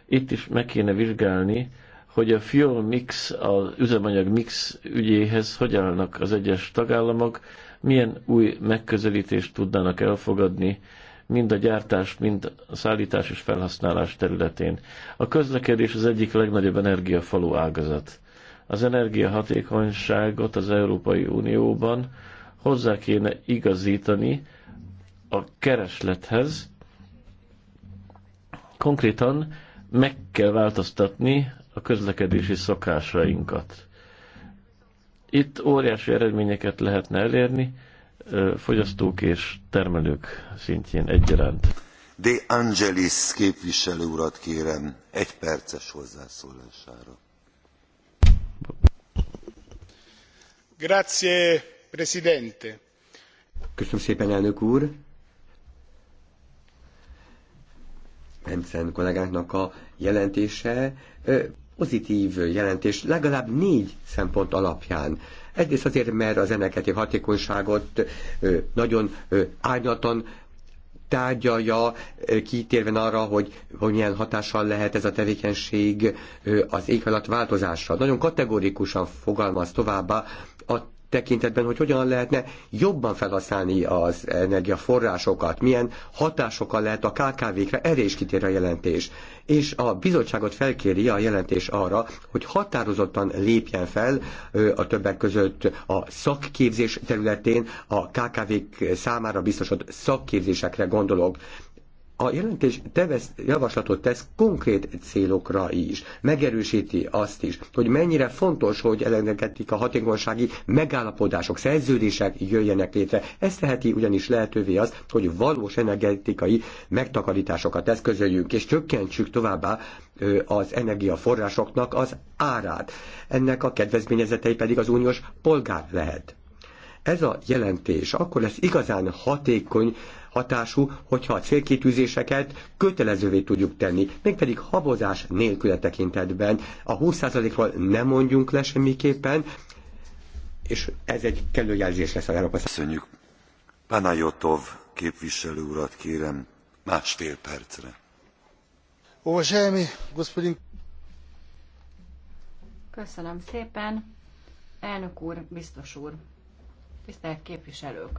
itt is meg kéne vizsgálni, hogy a fuel mix, az üzemanyag mix ügyéhez hogy állnak az egyes tagállamok, milyen új megközelítést tudnának elfogadni, mind a gyártás, mind a szállítás és felhasználás területén. A közlekedés az egyik legnagyobb energiafalú ágazat. Az energiahatékonyságot az Európai Unióban hozzá kéne igazítani a kereslethez. Konkrétan meg kell változtatni a közlekedési szokásainkat. Itt óriási eredményeket lehetne elérni, fogyasztók és termelők szintjén egyaránt. De Angelis képviselő urat kérem egy perces hozzászólására. Grazie, Presidente. Köszönöm szépen, elnök úr. Emszen kollégánknak a jelentése pozitív jelentés legalább négy szempont alapján. Egyrészt azért, mert az emelkedő hatékonyságot nagyon árnyaltan tárgyalja, kitérven arra, hogy, hogy milyen hatással lehet ez a tevékenység az éghajlat változásra. Nagyon kategórikusan fogalmaz továbbá tekintetben, hogy hogyan lehetne jobban felhasználni az energiaforrásokat, milyen hatásokkal lehet a KKV-kre, erre is kitér a jelentés. És a bizottságot felkéri a jelentés arra, hogy határozottan lépjen fel a többek között a szakképzés területén, a KKV-k számára biztosod szakképzésekre gondolok. A jelentés tevesz, javaslatot tesz konkrét célokra is, megerősíti azt is, hogy mennyire fontos, hogy elengedhetik a hatékonysági megállapodások, szerződések jöjjenek létre. Ez teheti ugyanis lehetővé az, hogy valós energetikai megtakarításokat eszközöljünk, és csökkentsük továbbá az energiaforrásoknak az árát. Ennek a kedvezményezetei pedig az uniós polgár lehet. Ez a jelentés akkor lesz igazán hatékony, hatású, hogyha a célkitűzéseket kötelezővé tudjuk tenni, mégpedig habozás nélkül a e tekintetben. A 20%-ról nem mondjunk le semmiképpen, és ez egy kellő jelzés lesz a Európa Köszönjük. Panajotov képviselő urat kérem másfél percre. Уважаеми господин Köszönöm szépen. Elnök úr, biztos úr, tisztelt képviselők!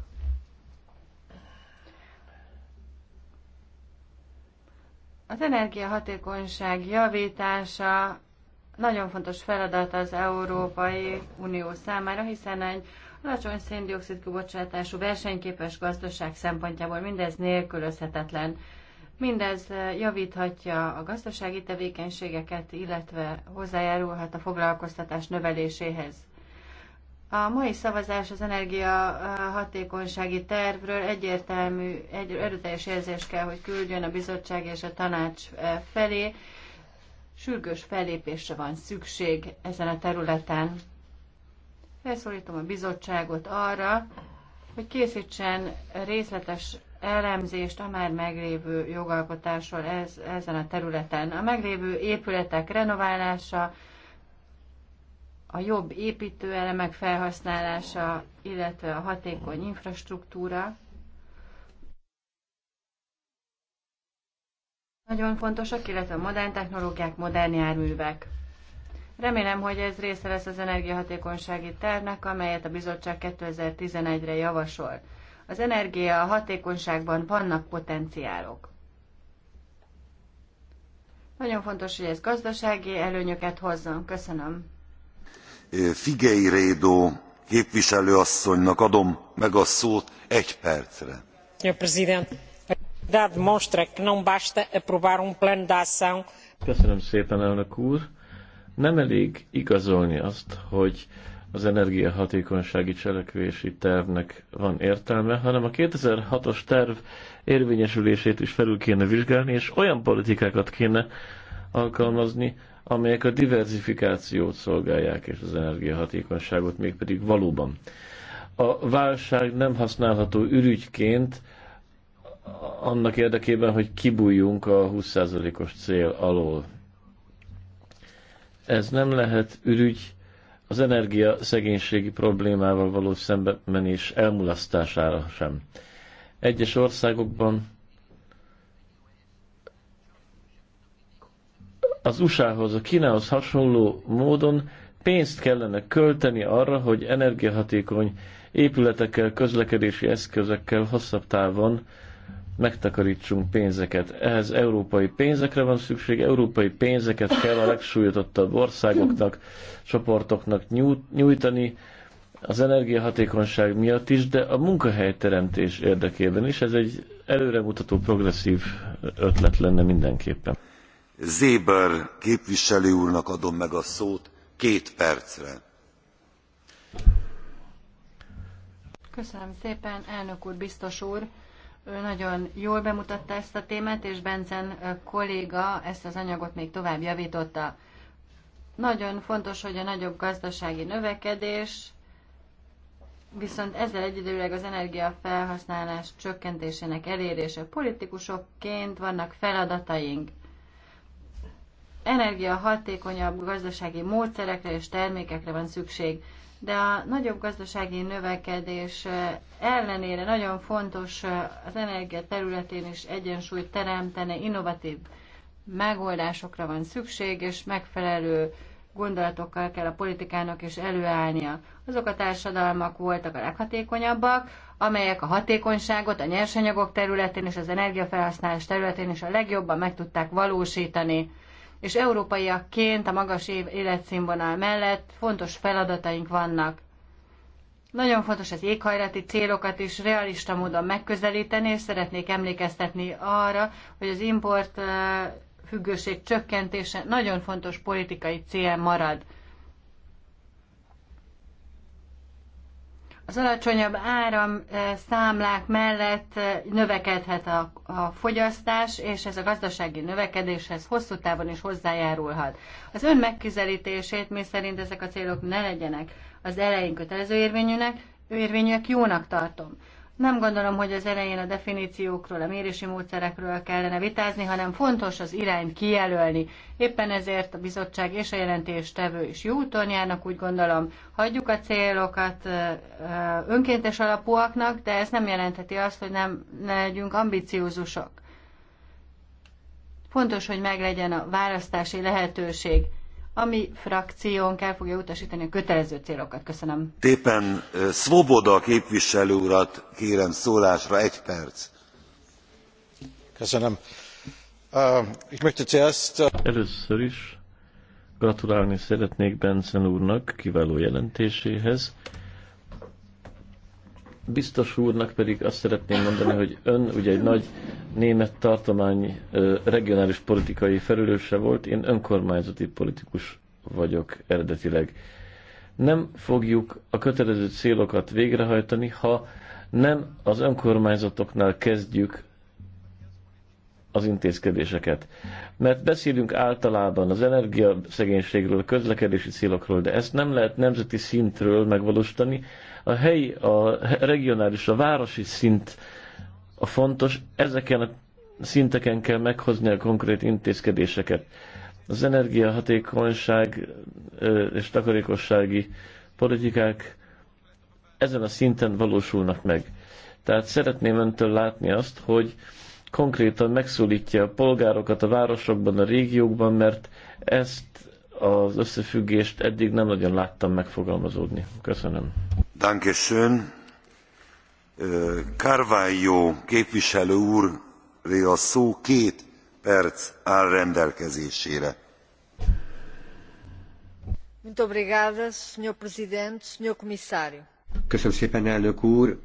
Az energiahatékonyság javítása nagyon fontos feladat az Európai Unió számára, hiszen egy alacsony széndiokszid kibocsátású versenyképes gazdaság szempontjából mindez nélkülözhetetlen. Mindez eh, javíthatja a gazdasági tevékenységeket, illetve hozzájárulhat a foglalkoztatás növeléséhez. A mai szavazás az energia hatékonysági tervről egyértelmű, egy erőteljes érzés kell, hogy küldjön a bizottság és a tanács felé. Sürgős fellépésre van szükség ezen a területen. Felszólítom a bizottságot arra, hogy készítsen részletes elemzést a már meglévő jogalkotásról ez, ezen a területen. A meglévő épületek renoválása, a jobb építőelemek felhasználása, illetve a hatékony infrastruktúra. Nagyon fontosak, illetve a modern technológiák, modern járművek. Remélem, hogy ez része lesz az energiahatékonysági tervnek, amelyet a bizottság 2011-re javasol. Az energia a hatékonyságban vannak potenciálok. Nagyon fontos, hogy ez gazdasági előnyöket hozzon. Köszönöm figueiredo képviselő asszonynak adom meg a szót egy percre. Um Köszönöm szépen, elnök úr! Nem elég igazolni azt, hogy az energiahatékonysági cselekvési tervnek van értelme, hanem a 2006-os terv érvényesülését is felül kéne vizsgálni, és olyan politikákat kéne alkalmazni, amelyek a diversifikációt szolgálják és az energiahatékonyságot mégpedig valóban. A válság nem használható ürügyként annak érdekében, hogy kibújjunk a 20%-os cél alól. Ez nem lehet ürügy az energia szegénységi problémával való szembemenés elmulasztására sem. Egyes országokban az USA-hoz, a Kínához hasonló módon pénzt kellene költeni arra, hogy energiahatékony épületekkel, közlekedési eszközökkel hosszabb távon megtakarítsunk pénzeket. Ehhez európai pénzekre van szükség, európai pénzeket kell a legsúlyozottabb országoknak, csoportoknak nyújtani az energiahatékonyság miatt is, de a munkahelyteremtés érdekében is. Ez egy előremutató, progresszív ötlet lenne mindenképpen seeber képviselő úrnak adom meg a szót két percre. Köszönöm szépen, elnök úr, biztos úr. Ő nagyon jól bemutatta ezt a témát, és Bencen kolléga ezt az anyagot még tovább javította. Nagyon fontos, hogy a nagyobb gazdasági növekedés, viszont ezzel egyidőleg az energiafelhasználás csökkentésének elérése. Politikusokként vannak feladataink – energiahatékonyabb gazdasági módszerekre és termékekre van szükség. De a nagyobb gazdasági növekedés ellenére nagyon fontos az energia területén is egyensúlyt teremteni, innovatív megoldásokra van szükség, és megfelelő gondolatokkal kell a politikának is előállnia. Azok a társadalmak voltak a leghatékonyabbak, amelyek a hatékonyságot a nyersanyagok területén és az energiafelhasználás területén is a legjobban meg tudták valósítani és európaiakként a magas életszínvonal mellett fontos feladataink vannak. Nagyon fontos az éghajlati célokat is realista módon megközelíteni, és szeretnék emlékeztetni arra, hogy az import eh, függőség csökkentése nagyon fontos politikai cél marad. Az alacsonyabb áram eh, számlák mellett eh, növekedhet a, a fogyasztás, és ez a gazdasági növekedéshez hosszú távon is hozzájárulhat. Az ön megközelítését, mi szerint ezek a célok ne legyenek az elején kötelező érvényűnek, érvényűek jónak tartom. Nem gondolom, hogy az elején a definíciókról, a mérési módszerekről kellene vitázni, hanem fontos az irányt kijelölni. Éppen ezért a bizottság és a tevő is jó úton járnak, úgy gondolom, hagyjuk a célokat önkéntes alapúaknak, de ez nem jelentheti azt, hogy nem legyünk ambiciózusok. Fontos, hogy meglegyen a választási lehetőség. Ami mi frakciónk el fogja utasítani a kötelező célokat. Köszönöm. Tépen Svoboda képviselő urat kérem szólásra egy perc. Köszönöm. Először is gratulálni szeretnék Benson úrnak kiváló jelentéséhez biztos úrnak pedig azt szeretném mondani, hogy ön ugye egy nagy német tartomány regionális politikai felülőse volt, én önkormányzati politikus vagyok eredetileg. Nem fogjuk a kötelező célokat végrehajtani, ha nem az önkormányzatoknál kezdjük az intézkedéseket. Mert beszélünk általában az energiaszegénységről, a közlekedési célokról, de ezt nem lehet nemzeti szintről megvalósítani, a helyi, a regionális, a városi szint a fontos, ezeken a szinteken kell meghozni a konkrét intézkedéseket. Az energiahatékonyság és takarékossági politikák ezen a szinten valósulnak meg. Tehát szeretném öntől látni azt, hogy konkrétan megszólítja a polgárokat a városokban, a régiókban, mert ezt az összefüggést eddig nem nagyon láttam megfogalmazódni. Köszönöm. Dankeschön. Carvalho képviselő úr a szó két perc áll rendelkezésére. Muito obrigada, Sr. presidente, Sr. comissário. Köszönöm szépen, elnök úr.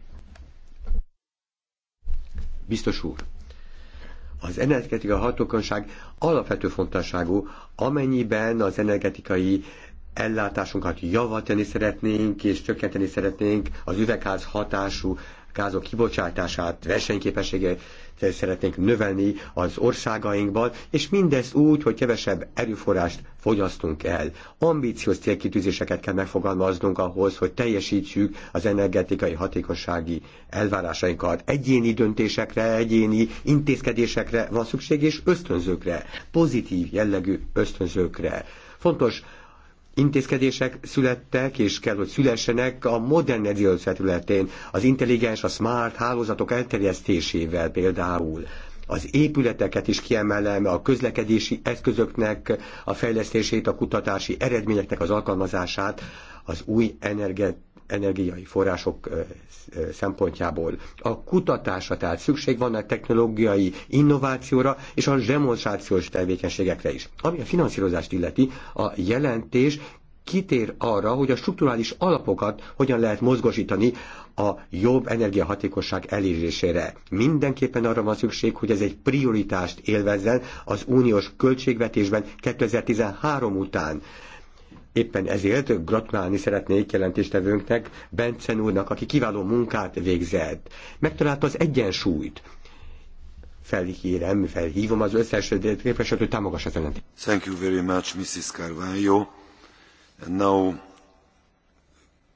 Biztos úr az energetika hatókonyság alapvető fontosságú, amennyiben az energetikai ellátásunkat javatani szeretnénk, és csökkenteni szeretnénk az üvegház hatású gázok kibocsátását, versenyképességet szeretnénk növelni az országainkban, és mindezt úgy, hogy kevesebb erőforrást fogyasztunk el. Ambíciós célkitűzéseket kell megfogalmaznunk ahhoz, hogy teljesítsük az energetikai hatékonysági elvárásainkat. Egyéni döntésekre, egyéni intézkedésekre van szükség, és ösztönzőkre, pozitív jellegű ösztönzőkre. Fontos intézkedések születtek, és kell, hogy szülessenek a modern területén, az intelligens, a smart hálózatok elterjesztésével például az épületeket is kiemelem, a közlekedési eszközöknek a fejlesztését, a kutatási eredményeknek az alkalmazását, az új energet, energiai források szempontjából. A kutatásra tehát szükség van a technológiai innovációra és a demonstrációs tevékenységekre is. Ami a finanszírozást illeti, a jelentés kitér arra, hogy a strukturális alapokat hogyan lehet mozgosítani a jobb energiahatékosság elérésére. Mindenképpen arra van szükség, hogy ez egy prioritást élvezzen az uniós költségvetésben 2013 után Éppen ezért gratulálni szeretnék jelentéstevőnknek, Bencen úrnak, aki kiváló munkát végzett. Megtalálta az egyensúlyt. Felhírem, felhívom az összes képviselőt, hogy támogass az Thank you very much, Mrs. Carvalho. And now,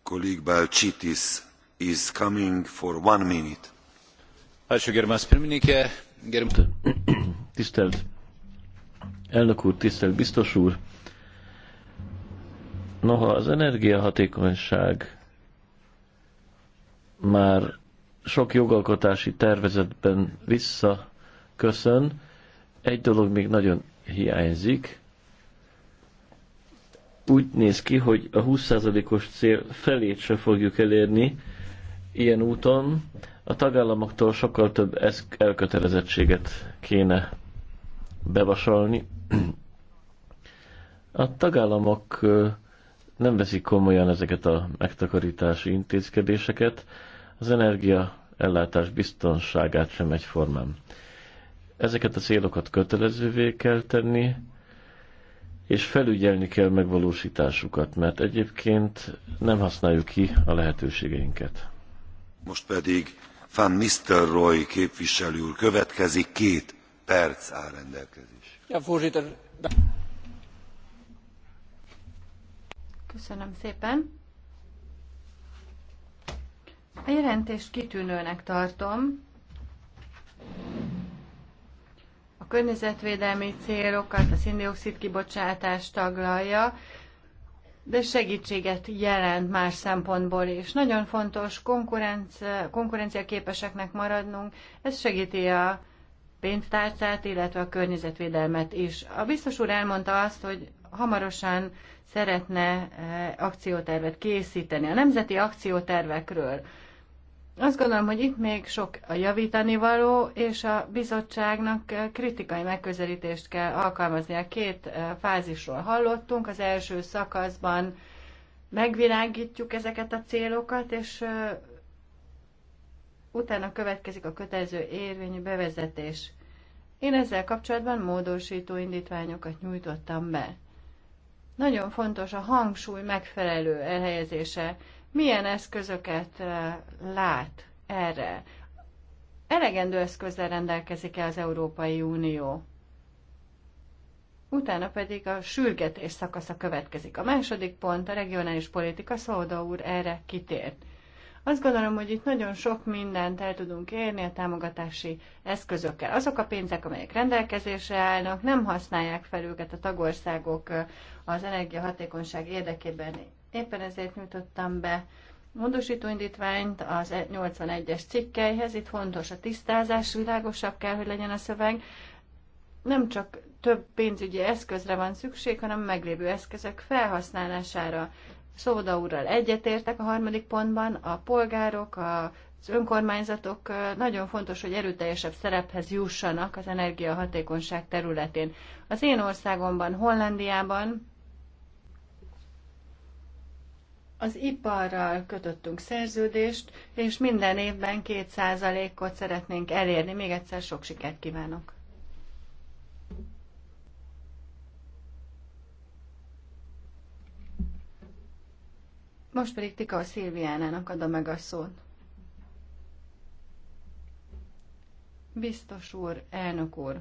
colleague Balcitis is coming for one minute. Első gerbiamas pirminike, Gerb... Tisztelt elnök úr, tisztelt biztos úr, Noha az energiahatékonyság már sok jogalkotási tervezetben visszaköszön, egy dolog még nagyon hiányzik. Úgy néz ki, hogy a 20%-os cél felét se fogjuk elérni ilyen úton. A tagállamoktól sokkal több elkötelezettséget kéne bevasalni. A tagállamok nem veszik komolyan ezeket a megtakarítási intézkedéseket, az energia ellátás biztonságát sem egyformán. Ezeket a célokat kötelezővé kell tenni, és felügyelni kell megvalósításukat, mert egyébként nem használjuk ki a lehetőségeinket. Most pedig Van Nistelrooy képviselő úr következik, két perc áll rendelkezés. Ja, Köszönöm szépen. A jelentést kitűnőnek tartom. A környezetvédelmi célokat, a szindioxid kibocsátást taglalja, de segítséget jelent más szempontból is. Nagyon fontos konkurencia, képeseknek maradnunk, ez segíti a pénztárcát, illetve a környezetvédelmet is. A biztos úr elmondta azt, hogy hamarosan szeretne e, akciótervet készíteni a nemzeti akciótervekről. Azt gondolom, hogy itt még sok a javítani való, és a bizottságnak e, kritikai megközelítést kell alkalmazni. A két e, fázisról hallottunk. Az első szakaszban megvilágítjuk ezeket a célokat, és utána következik a kötelező érvényű bevezetés. Én ezzel kapcsolatban módosító indítványokat nyújtottam be. Nagyon fontos a hangsúly megfelelő elhelyezése. Milyen eszközöket eh, lát erre? Elegendő eszközzel rendelkezik-e az Európai Unió? Utána pedig a sürgetés szakasza következik. A második pont, a regionális politika, Szóda úr erre kitért. Azt gondolom, hogy itt nagyon sok mindent el tudunk érni a támogatási eszközökkel. Azok a pénzek, amelyek rendelkezésre állnak, nem használják fel őket a tagországok az energiahatékonyság érdekében. Éppen ezért nyújtottam be módosítóindítványt az 81-es e- cikkeihez. Itt fontos a tisztázás, világosabb kell, hogy legyen a szöveg. Nem csak több pénzügyi eszközre van szükség, hanem meglévő eszközök felhasználására. Szóda úrral egyetértek a harmadik pontban, a polgárok, az önkormányzatok nagyon fontos, hogy erőteljesebb szerephez jussanak az energiahatékonyság területén. Az én országomban, Hollandiában az iparral kötöttünk szerződést, és minden évben 2%-ot szeretnénk elérni. Még egyszer sok sikert kívánok! Most pedig Tika a Szilviánának adom meg a szót. Biztos úr, elnök úr,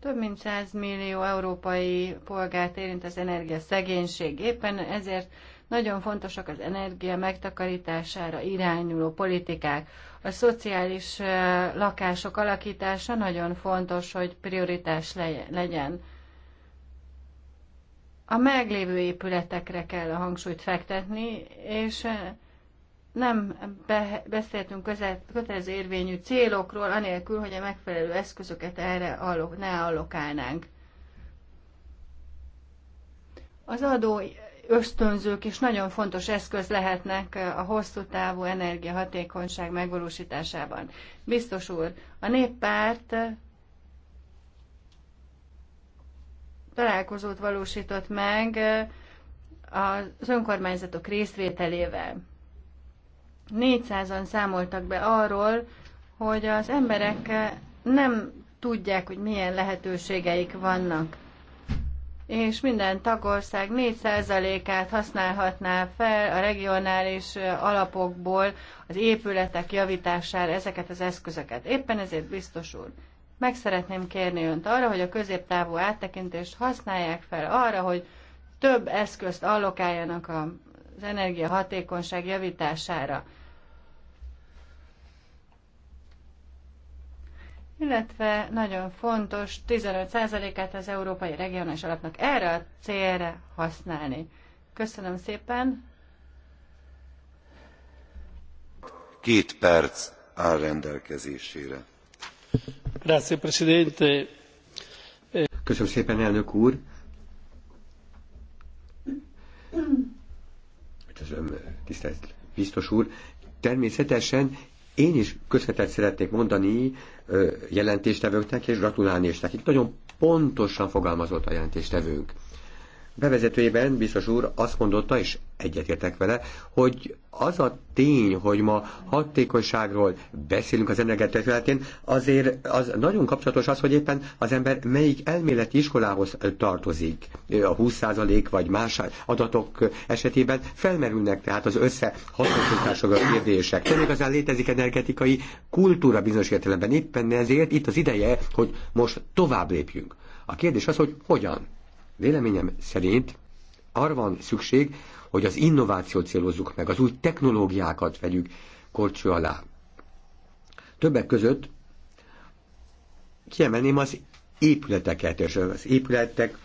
több mint 100 millió európai polgárt érint az energia szegénység. Éppen ezért nagyon fontosak az energia megtakarítására irányuló politikák. A szociális eh, lakások alakítása nagyon fontos, hogy prioritás legyen. A meglévő épületekre kell a hangsúlyt fektetni, és eh, nem be, beszéltünk kötelező érvényű célokról, anélkül, hogy a megfelelő eszközöket erre allok, ne allokálnánk. Az adó ösztönzők is nagyon fontos eszköz lehetnek eh, a hosszú távú energiahatékonyság megvalósításában. Biztos úr, a néppárt eh, találkozót valósított meg az önkormányzatok részvételével. 400-an számoltak be arról, hogy az emberek nem tudják, hogy milyen lehetőségeik vannak. És minden tagország 4%-át használhatná fel a regionális alapokból az épületek javítására ezeket az eszközöket. Éppen ezért biztos úr, meg szeretném kérni önt arra, hogy a középtávú áttekintést használják fel arra, hogy több eszközt allokáljanak az energiahatékonyság javítására. illetve nagyon fontos 15%-át az Európai Regionális Alapnak erre a célra használni. Köszönöm szépen! Két perc áll rendelkezésére. Köszönöm szépen, elnök úr. Köszönöm, tisztelt biztos úr. Természetesen én is köszönetet szeretnék mondani jelentéstevőknek és gratulálni is nekik. Nagyon pontosan fogalmazott a jelentéstevőnk bevezetőjében biztos úr azt mondotta, és egyetértek vele, hogy az a tény, hogy ma hatékonyságról beszélünk az energetik területén, azért az nagyon kapcsolatos az, hogy éppen az ember melyik elméleti iskolához tartozik. A 20% vagy más adatok esetében felmerülnek tehát az összehasonlítások a kérdések. Nem igazán létezik energetikai kultúra bizonyos értelemben. Éppen ezért itt az ideje, hogy most tovább lépjünk. A kérdés az, hogy hogyan. Véleményem szerint arra van szükség, hogy az innovációt célozzuk meg, az új technológiákat vegyük korcső alá. Többek között kiemelném az épületeket, és az épületek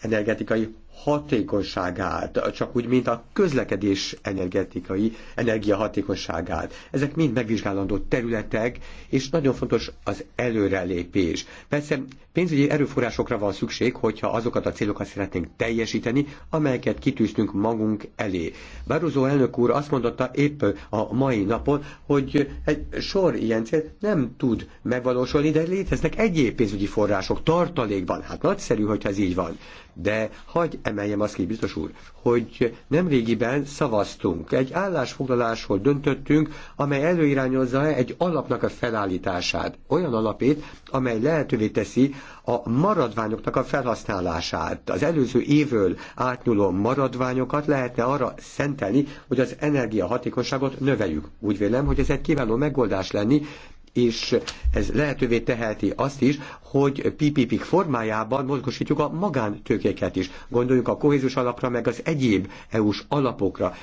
energetikai hatékonyságát, csak úgy, mint a közlekedés energetikai energiahatékonyságát. Ezek mind megvizsgálandó területek, és nagyon fontos az előrelépés. Persze Pénzügyi erőforrásokra van szükség, hogyha azokat a célokat szeretnénk teljesíteni, amelyeket kitűztünk magunk elé. Barroso elnök úr azt mondotta épp a mai napon, hogy egy sor ilyen cél nem tud megvalósulni, de léteznek egyéb pénzügyi források tartalékban. Hát nagyszerű, hogyha ez így van. De hagy emeljem azt ki, biztos úr, hogy nemrégiben szavaztunk, egy állásfoglalásról döntöttünk, amely előirányozza egy alapnak a felállítását. Olyan alapét, amely lehetővé teszi, a maradványoknak a felhasználását, az előző évől átnyúló maradványokat lehetne arra szentelni, hogy az energiahatékosságot növeljük. Úgy vélem, hogy ez egy kiváló megoldás lenni, és ez lehetővé teheti azt is, hogy ppp formájában mozgosítjuk a magántőkéket is. Gondoljuk a kohézus alapra, meg az egyéb EU-s alapokra.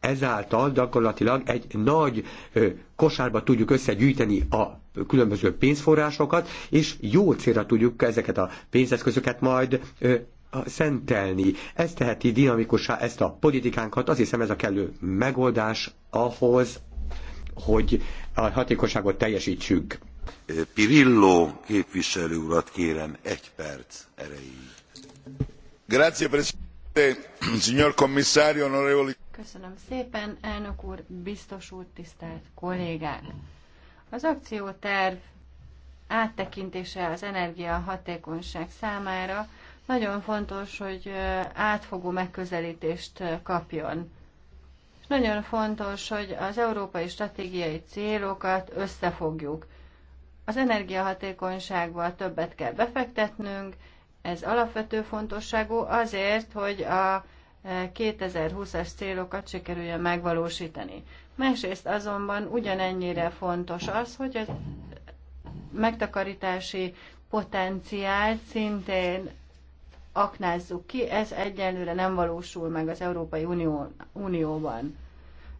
Ezáltal gyakorlatilag egy nagy kosárba tudjuk összegyűjteni a különböző pénzforrásokat, és jó célra tudjuk ezeket a pénzeszközöket majd szentelni. Ez teheti dinamikussá ezt a politikánkat, azt hiszem ez a kellő megoldás ahhoz, hogy a hatékosságot teljesítsük. Pirillo képviselő urat kérem egy perc erejéig. Grazie, Presidente, signor Commissario, onorevoli... Köszönöm szépen, elnök úr, biztos úr, tisztelt kollégák! Az akcióterv áttekintése az energiahatékonyság számára nagyon fontos, hogy átfogó megközelítést kapjon. És nagyon fontos, hogy az európai stratégiai célokat összefogjuk. Az energiahatékonyságba többet kell befektetnünk, ez alapvető fontosságú azért, hogy a 2020-as célokat sikerüljön megvalósítani. Másrészt azonban ugyanennyire fontos az, hogy a megtakarítási potenciált szintén aknázzuk ki, ez egyelőre nem valósul meg az Európai Unió, Unióban.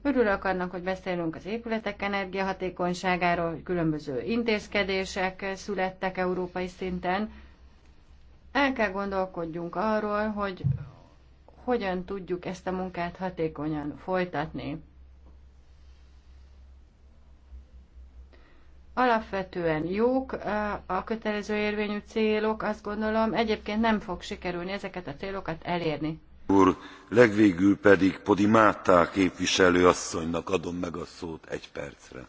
Örülök annak, hogy beszélünk az épületek energiahatékonyságáról, hogy különböző intézkedések születtek európai szinten. El kell gondolkodjunk arról, hogy hogyan tudjuk ezt a munkát hatékonyan folytatni. alapvetően jók a kötelező érvényű célok, azt gondolom, egyébként nem fog sikerülni ezeket a célokat elérni. Úr, legvégül pedig Podimátá képviselő asszonynak adom meg a szót egy percre.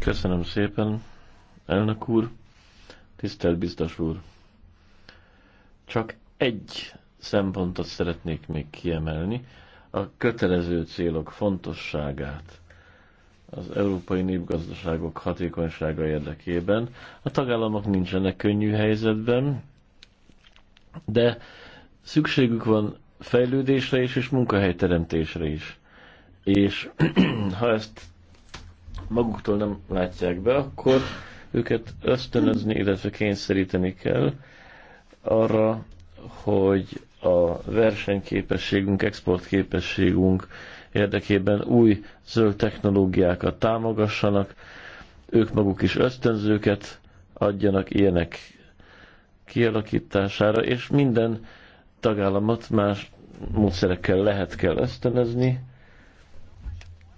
Köszönöm szépen, elnök úr, tisztelt biztos úr. Csak egy szempontot szeretnék még kiemelni, a kötelező célok fontosságát az európai népgazdaságok hatékonysága érdekében. A tagállamok nincsenek könnyű helyzetben, de szükségük van fejlődésre is, és munkahelyteremtésre is. És ha ezt maguktól nem látják be, akkor őket ösztönözni, illetve kényszeríteni kell arra, hogy a versenyképességünk, exportképességünk érdekében új zöld technológiákat támogassanak, ők maguk is ösztönzőket adjanak ilyenek kialakítására, és minden tagállamot más módszerekkel lehet kell ösztönözni.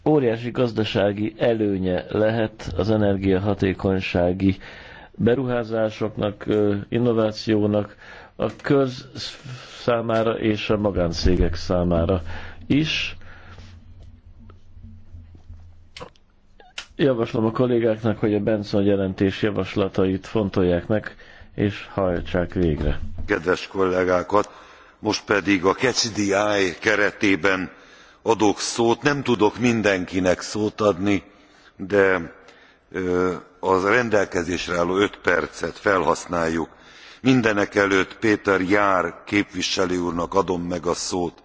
Óriási gazdasági előnye lehet az energiahatékonysági beruházásoknak, innovációnak, a köz számára és a magáncégek számára is. javaslom a kollégáknak, hogy a Benson jelentés javaslatait fontolják meg, és hajtsák végre. Kedves kollégákat, most pedig a KCDI keretében adok szót. Nem tudok mindenkinek szót adni, de az rendelkezésre álló öt percet felhasználjuk. Mindenek előtt Péter Jár képviselő úrnak adom meg a szót.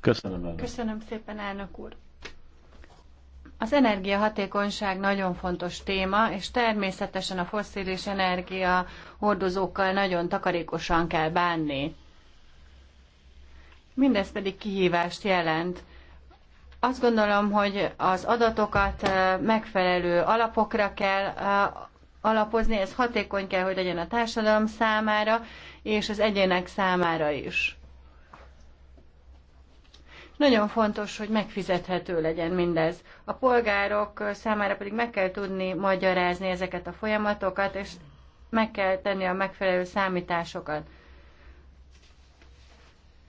Köszönöm, elnök. Köszönöm szépen, elnök úr. Az energiahatékonyság nagyon fontos téma, és természetesen a fosszilis energia hordozókkal nagyon takarékosan kell bánni. Mindez pedig kihívást jelent. Azt gondolom, hogy az adatokat eh, megfelelő alapokra kell eh, alapozni, ez hatékony kell, hogy legyen a társadalom számára, és az egyének számára is. Nagyon fontos, hogy megfizethető legyen mindez. A polgárok számára pedig meg kell tudni magyarázni ezeket a folyamatokat, és meg kell tenni a megfelelő számításokat.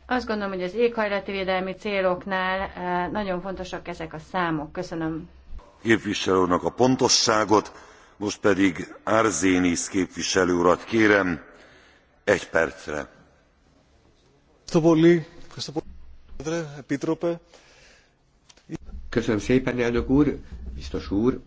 Azt gondolom, hogy az éghajlati védelmi céloknál eh, nagyon fontosak ezek a számok. Köszönöm. Képviselőnek a pontosságot, most pedig Árzénész képviselő urat kérem egy percre. Köszönöm. Köszönöm szépen, elnök úr, biztos úr.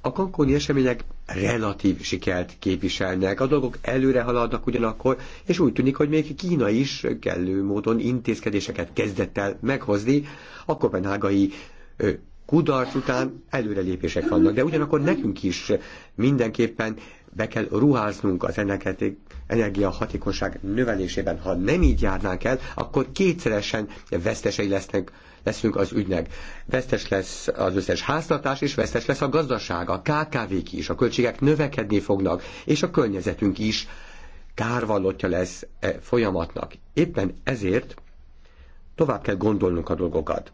A kankóni események relatív sikert képviselnek, a dolgok előre haladnak ugyanakkor, és úgy tűnik, hogy még Kína is kellő módon intézkedéseket kezdett el meghozni a kopenhágai kudarc után előrelépések vannak, de ugyanakkor nekünk is mindenképpen be kell ruháznunk az energiahatékonyság növelésében. Ha nem így járnánk el, akkor kétszeresen vesztesei lesznek, leszünk az ügynek. Vesztes lesz az összes háztartás, és vesztes lesz a gazdaság, a KKV-k is, a költségek növekedni fognak, és a környezetünk is kárvallotja lesz e folyamatnak. Éppen ezért tovább kell gondolnunk a dolgokat.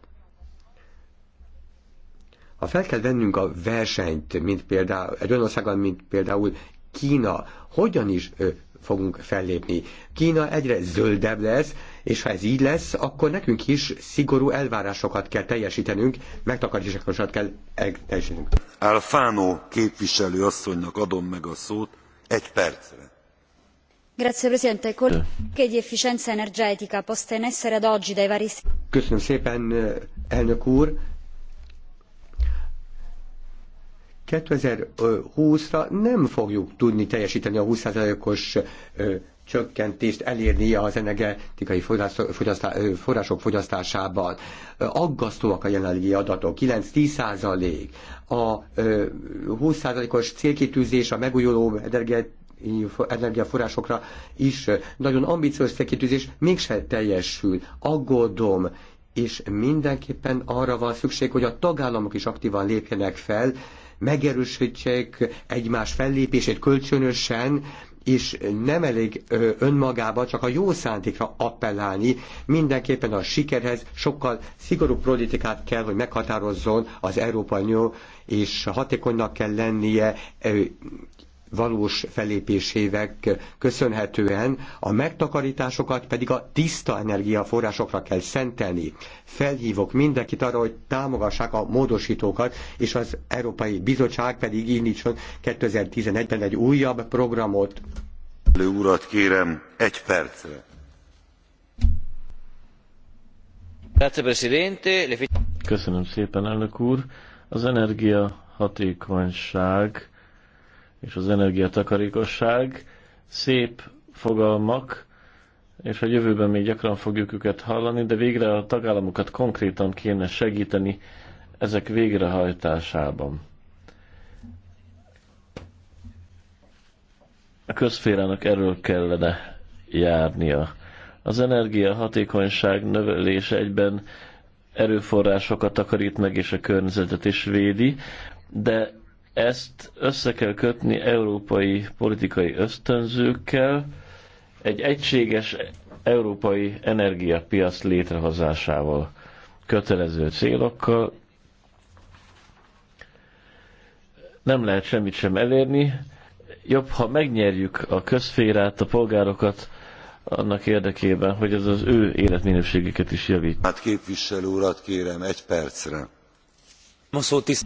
Ha fel kell vennünk a versenyt, mint például egy olyan országban, mint például Kína, hogyan is ö, fogunk fellépni. Kína egyre zöldebb lesz, és ha ez így lesz, akkor nekünk is szigorú elvárásokat kell teljesítenünk, megtakarításokat kell teljesítenünk. Alfano képviselő asszonynak adom meg a szót egy percre. Grazie Presidente, con che di efficienza energetica posta in essere ad oggi dai vari... Köszönöm szépen, elnök úr 2020-ra nem fogjuk tudni teljesíteni a 20%-os csökkentést elérni az energetikai források fogyasztásában. Aggasztóak a jelenlegi adatok, 9-10 A 20 os célkitűzés a megújuló energiaforrásokra is nagyon ambiciós célkitűzés mégse teljesül. Aggódom, és mindenképpen arra van szükség, hogy a tagállamok is aktívan lépjenek fel, megerősítsék egymás fellépését kölcsönösen, és nem elég önmagába csak a jó szándékra appellálni, mindenképpen a sikerhez sokkal szigorúbb politikát kell, hogy meghatározzon az Európai Unió, és hatékonynak kell lennie valós felépésévek köszönhetően a megtakarításokat pedig a tiszta energiaforrásokra kell szentelni. Felhívok mindenkit arra, hogy támogassák a módosítókat, és az Európai Bizottság pedig indítson 2011-ben egy újabb programot. Elő urat kérem egy percre. Köszönöm szépen, elnök úr. Az energia hatékonyság és az energiatakarékosság szép fogalmak, és a jövőben még gyakran fogjuk őket hallani, de végre a tagállamokat konkrétan kéne segíteni ezek végrehajtásában. A közférának erről kellene járnia. Az energia hatékonyság növelése egyben erőforrásokat takarít meg és a környezetet is védi, de ezt össze kell kötni európai politikai ösztönzőkkel, egy egységes európai energiapiac létrehozásával, kötelező célokkal. Nem lehet semmit sem elérni, jobb, ha megnyerjük a közférát, a polgárokat, annak érdekében, hogy az az ő életminőségüket is javít. Hát képviselő urat kérem egy percre. Ma szó tiszt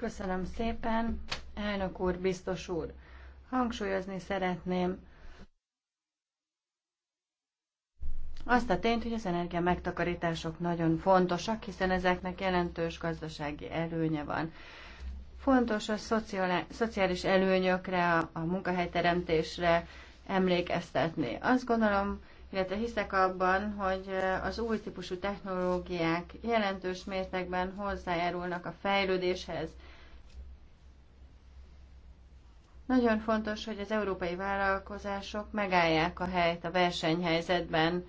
Köszönöm szépen, elnök úr, biztos úr. Hangsúlyozni szeretném azt a tényt, hogy az energia megtakarítások nagyon fontosak, hiszen ezeknek jelentős gazdasági előnye van. Fontos a szociális előnyökre, a munkahelyteremtésre emlékeztetni. Azt gondolom, illetve hiszek abban, hogy az új típusú technológiák jelentős mértékben hozzájárulnak a fejlődéshez, nagyon fontos, hogy az európai vállalkozások megállják a helyt a versenyhelyzetben.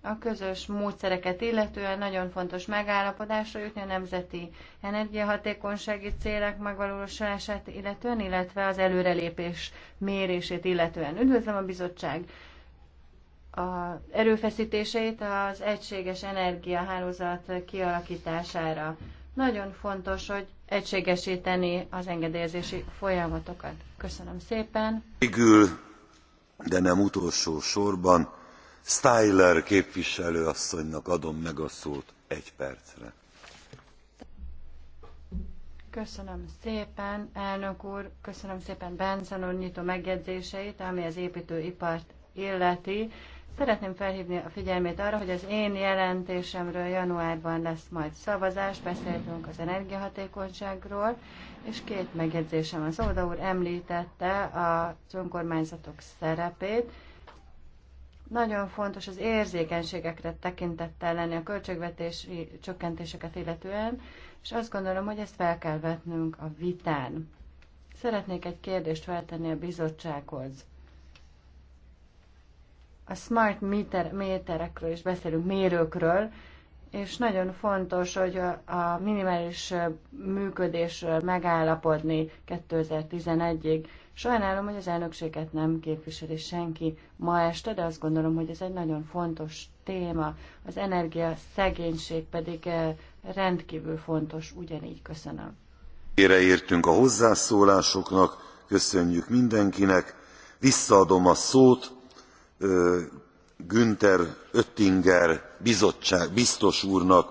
A közös módszereket illetően nagyon fontos megállapodásra jutni a nemzeti energiahatékonysági célek megvalósulását illetően, illetve az előrelépés mérését illetően. Üdvözlöm a bizottság a erőfeszítéseit az egységes energiahálózat kialakítására. Nagyon fontos, hogy egységesíteni az engedélyezési folyamatokat. Köszönöm szépen. Végül, de nem utolsó sorban, Styler képviselő asszonynak adom meg a szót egy percre. Köszönöm szépen, elnök úr, köszönöm szépen Benson úr nyitó megjegyzéseit, ami az építőipart illeti. Szeretném felhívni a figyelmét arra, hogy az én jelentésemről januárban lesz majd szavazás, beszéltünk az energiahatékonyságról, és két megjegyzésem van. Szóda úr említette az önkormányzatok szerepét. Nagyon fontos az érzékenységekre tekintettel lenni a költségvetési csökkentéseket illetően, és azt gondolom, hogy ezt fel kell vetnünk a vitán. Szeretnék egy kérdést feltenni a bizottsághoz a smart meter, méterekről is beszélünk, mérőkről, és nagyon fontos, hogy a minimális működésről megállapodni 2011-ig. Sajnálom, hogy az elnökséget nem képviseli senki ma este, de azt gondolom, hogy ez egy nagyon fontos téma. Az energia szegénység pedig eh, rendkívül fontos, ugyanígy köszönöm. Ére értünk a hozzászólásoknak, köszönjük mindenkinek. Visszaadom a szót günther oettinger bizottság, biztos úrnak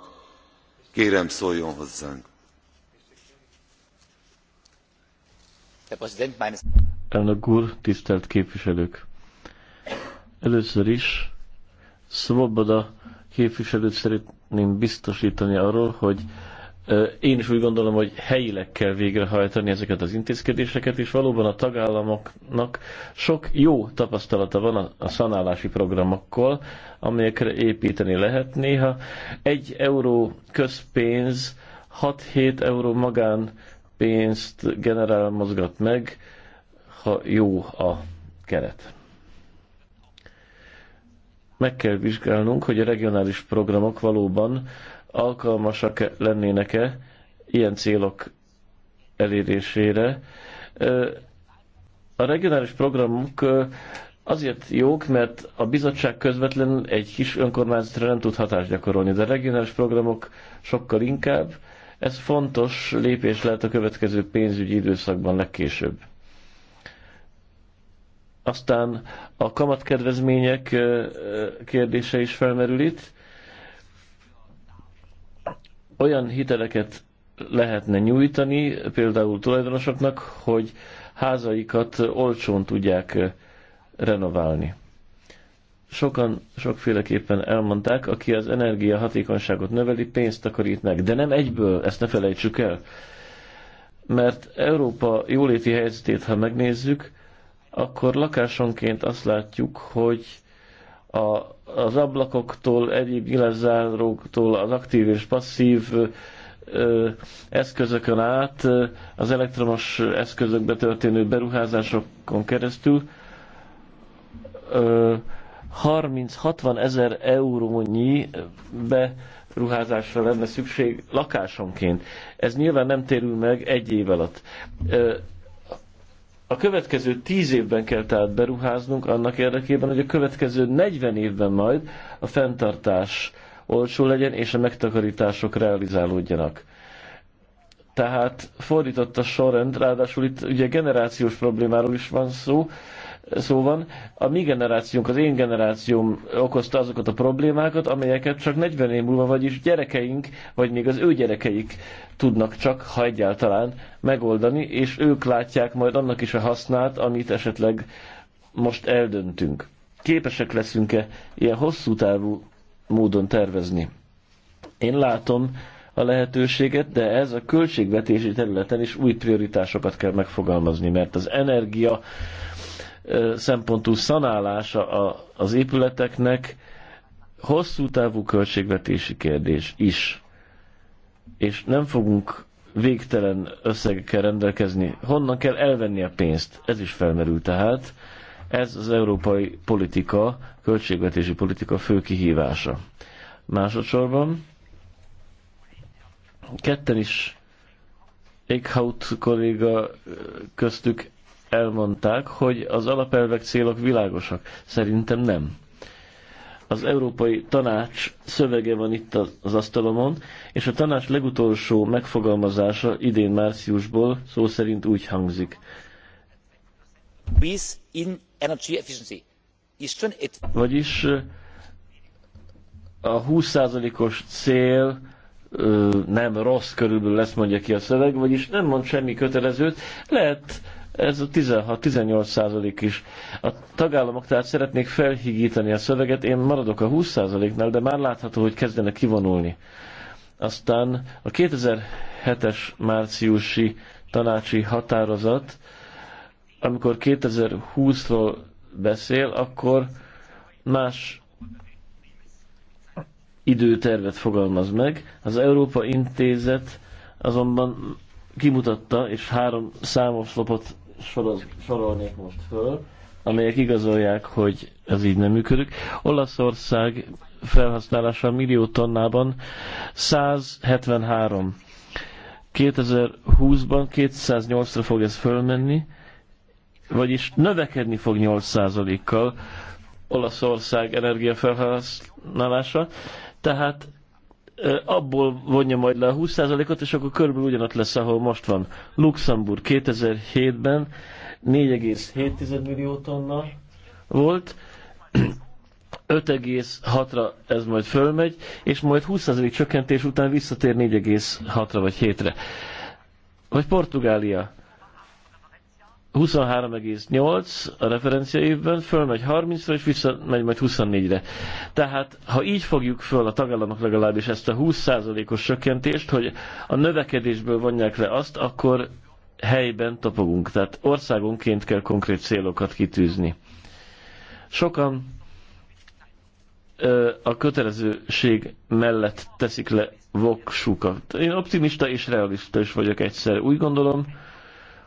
kérem szóljon hozzánk. Elnök úr, tisztelt képviselők! Először is swoboda képviselőt szeretném biztosítani arról, hogy én is úgy gondolom, hogy helyileg kell végrehajtani ezeket az intézkedéseket, és valóban a tagállamoknak sok jó tapasztalata van a szanálási programokkal, amelyekre építeni lehet. Néha egy euró közpénz 6-7 euró magánpénzt generál mozgat meg, ha jó a keret. Meg kell vizsgálnunk, hogy a regionális programok valóban alkalmasak lennének-e ilyen célok elérésére. A regionális programok azért jók, mert a bizottság közvetlenül egy kis önkormányzatra nem tud hatást gyakorolni, de a regionális programok sokkal inkább. Ez fontos lépés lehet a következő pénzügyi időszakban legkésőbb. Aztán a kamatkedvezmények kérdése is felmerül itt olyan hiteleket lehetne nyújtani, például tulajdonosoknak, hogy házaikat olcsón tudják renoválni. Sokan sokféleképpen elmondták, aki az energiahatékonyságot növeli, pénzt takarít meg. De nem egyből, ezt ne felejtsük el. Mert Európa jóléti helyzetét, ha megnézzük, akkor lakásonként azt látjuk, hogy a, az ablakoktól, egyéb nyilászáróktól, az aktív és passzív ö, eszközökön át, az elektromos eszközökbe történő beruházásokon keresztül ö, 30-60 ezer eurónyi beruházásra lenne szükség lakásonként. Ez nyilván nem térül meg egy év alatt a következő tíz évben kell tehát beruháznunk annak érdekében, hogy a következő 40 évben majd a fenntartás olcsó legyen, és a megtakarítások realizálódjanak. Tehát fordított a sorrend, ráadásul itt ugye generációs problémáról is van szó, szó van. A mi generációnk, az én generációm okozta azokat a problémákat, amelyeket csak 40 év múlva, vagyis gyerekeink, vagy még az ő gyerekeik tudnak csak, ha egyáltalán megoldani, és ők látják majd annak is a hasznát, amit esetleg most eldöntünk. Képesek leszünk-e ilyen hosszú távú módon tervezni? Én látom a lehetőséget, de ez a költségvetési területen is új prioritásokat kell megfogalmazni, mert az energia, szempontú szanálása az épületeknek hosszú távú költségvetési kérdés is. És nem fogunk végtelen összegekkel rendelkezni. Honnan kell elvenni a pénzt? Ez is felmerül tehát. Ez az európai politika, költségvetési politika fő kihívása. Másodszorban ketten is Eichhaut kolléga köztük elmondták, hogy az alapelvek célok világosak. Szerintem nem. Az Európai Tanács szövege van itt az asztalomon, és a tanács legutolsó megfogalmazása idén márciusból szó szerint úgy hangzik. In energy efficiency. Vagyis a 20%-os cél nem rossz körülbelül lesz, mondja ki a szöveg, vagyis nem mond semmi kötelezőt. Lehet ez a 16-18 százalék is. A tagállamok tehát szeretnék felhigítani a szöveget, én maradok a 20 százaléknál, de már látható, hogy kezdenek kivonulni. Aztán a 2007-es márciusi tanácsi határozat, amikor 2020-ról beszél, akkor más időtervet fogalmaz meg. Az Európa Intézet azonban kimutatta, és három számoszlopot soroz, sorolnék most föl, amelyek igazolják, hogy ez így nem működik. Olaszország felhasználása millió tonnában 173. 2020-ban 208-ra fog ez fölmenni, vagyis növekedni fog 8%-kal Olaszország energiafelhasználása, tehát abból vonja majd le a 20%-ot, és akkor körülbelül ugyanott lesz, ahol most van. Luxemburg 2007-ben 4,7 millió tonna volt, 5,6-ra ez majd fölmegy, és majd 20% csökkentés után visszatér 4,6-ra vagy 7-re. Vagy Portugália 23,8 a referencia évben, fölmegy 30-ra, és visszamegy majd 24-re. Tehát, ha így fogjuk föl a tagállamok legalábbis ezt a 20%-os sökkentést, hogy a növekedésből vonják le azt, akkor helyben tapogunk. Tehát országonként kell konkrét célokat kitűzni. Sokan a kötelezőség mellett teszik le voksukat. Én optimista és realista is vagyok egyszer. Úgy gondolom,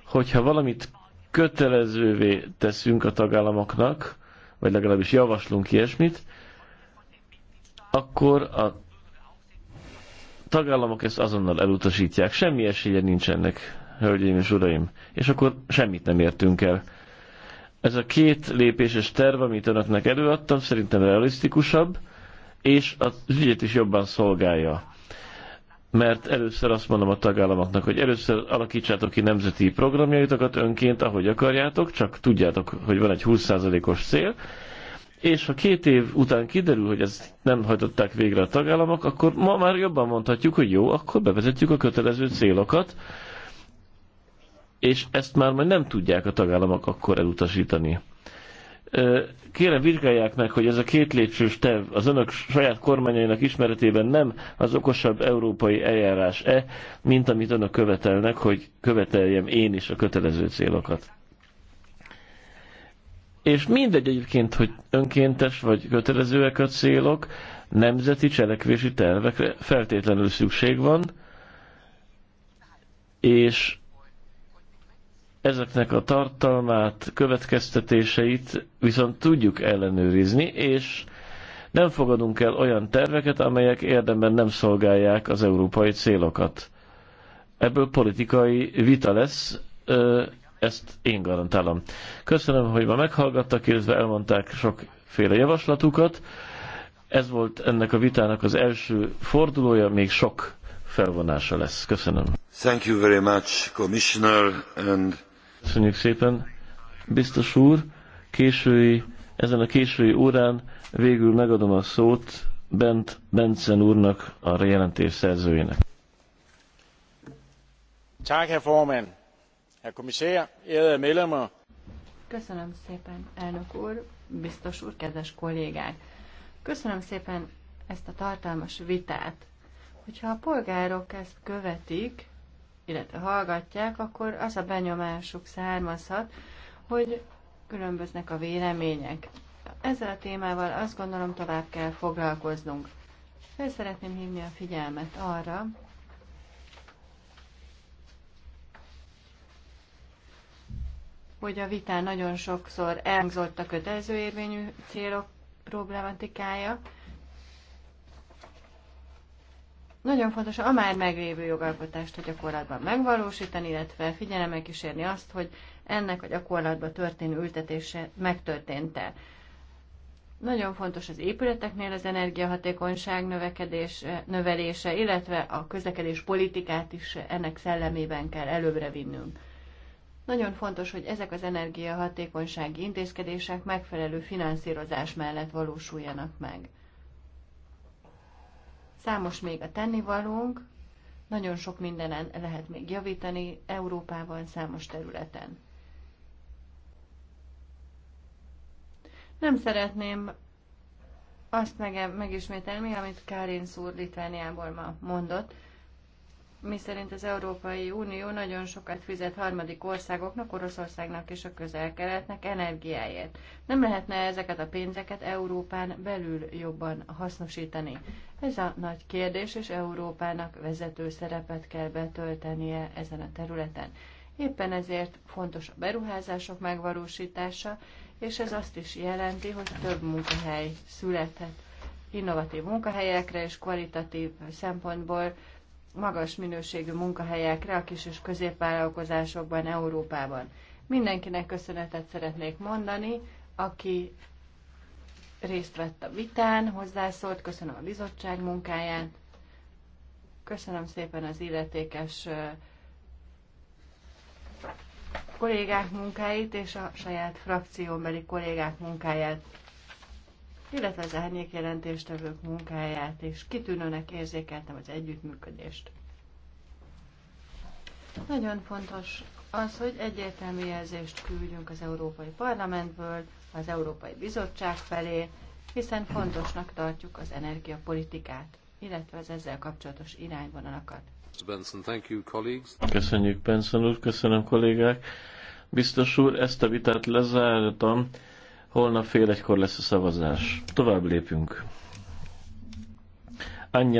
hogyha valamit kötelezővé teszünk a tagállamoknak, vagy legalábbis javaslunk ilyesmit, akkor a tagállamok ezt azonnal elutasítják. Semmi esélye nincs ennek, hölgyeim és uraim. És akkor semmit nem értünk el. Ez a két lépéses terv, amit önöknek előadtam, szerintem realisztikusabb, és az ügyet is jobban szolgálja mert először azt mondom a tagállamoknak, hogy először alakítsátok ki nemzeti programjaitokat önként, ahogy akarjátok, csak tudjátok, hogy van egy 20%-os cél, és ha két év után kiderül, hogy ezt nem hajtották végre a tagállamok, akkor ma már jobban mondhatjuk, hogy jó, akkor bevezetjük a kötelező célokat, és ezt már majd nem tudják a tagállamok akkor elutasítani. Kérem, vizsgálják meg, hogy ez a két lépcsős tev az önök saját kormányainak ismeretében nem az okosabb európai eljárás-e, mint amit önök követelnek, hogy követeljem én is a kötelező célokat. És mindegy egyébként, hogy önkéntes vagy kötelezőek a célok, nemzeti cselekvési tervekre feltétlenül szükség van, és ezeknek a tartalmát, következtetéseit viszont tudjuk ellenőrizni, és nem fogadunk el olyan terveket, amelyek érdemben nem szolgálják az európai célokat. Ebből politikai vita lesz, ezt én garantálom. Köszönöm, hogy ma meghallgattak, illetve elmondták sokféle javaslatukat. Ez volt ennek a vitának az első fordulója, még sok felvonása lesz. Köszönöm. Thank you very much, Commissioner, and Köszönjük szépen, biztos úr. Késői, ezen a késői órán végül megadom a szót Bent Bencen úrnak, a jelentés szerzőjének. Tak, herr Herr Köszönöm szépen, elnök úr, biztos úr, kedves kollégák. Köszönöm szépen ezt a tartalmas vitát. Hogyha a polgárok ezt követik, illetve hallgatják, akkor az a benyomásuk származhat, hogy különböznek a vélemények. Ezzel a témával azt gondolom tovább kell foglalkoznunk. Fel szeretném hívni a figyelmet arra, hogy a vitán nagyon sokszor elhangzott a kötelező érvényű célok problematikája, Nagyon fontos a már meglévő jogalkotást a gyakorlatban megvalósítani, illetve figyelemmel kísérni azt, hogy ennek a gyakorlatban történő ültetése megtörtént-e. Nagyon fontos az épületeknél az energiahatékonyság növekedés, eh, növelése, illetve a közlekedés politikát is ennek szellemében kell előbbre vinnünk. Nagyon fontos, hogy ezek az energiahatékonysági intézkedések megfelelő finanszírozás mellett valósuljanak meg. Számos még a tennivalónk, nagyon sok mindenen lehet még javítani Európában számos területen. Nem szeretném azt meg, megismételni, amit Kárin szúr Litvániából ma mondott miszerint az Európai Unió nagyon sokat fizet harmadik országoknak, Oroszországnak és a közel-keletnek energiáért. Nem lehetne ezeket a pénzeket Európán belül jobban hasznosítani? Ez a nagy kérdés, és Európának vezető szerepet kell betöltenie ezen a területen. Éppen ezért fontos a beruházások megvalósítása, és ez azt is jelenti, hogy több munkahely születhet. Innovatív munkahelyekre és kvalitatív szempontból magas minőségű munkahelyekre a kis- és középvállalkozásokban, Európában. Mindenkinek köszönetet szeretnék mondani, aki részt vett a vitán, hozzászólt, köszönöm a bizottság munkáját, köszönöm szépen az illetékes kollégák munkáit és a saját frakcióbeli kollégák munkáját illetve az árnyékjelentéstevők munkáját, és kitűnőnek érzékeltem az együttműködést. Nagyon fontos az, hogy egyértelmű jelzést küldjünk az Európai Parlamentből, az Európai Bizottság felé, hiszen fontosnak tartjuk az energiapolitikát, illetve az ezzel kapcsolatos irányvonalakat. Benson, thank you, colleagues. Köszönjük, Benson úr, köszönöm kollégák. Biztos úr, ezt a vitát lezártam. Holnap fél egykor lesz a szavazás. Tovább lépünk. Anya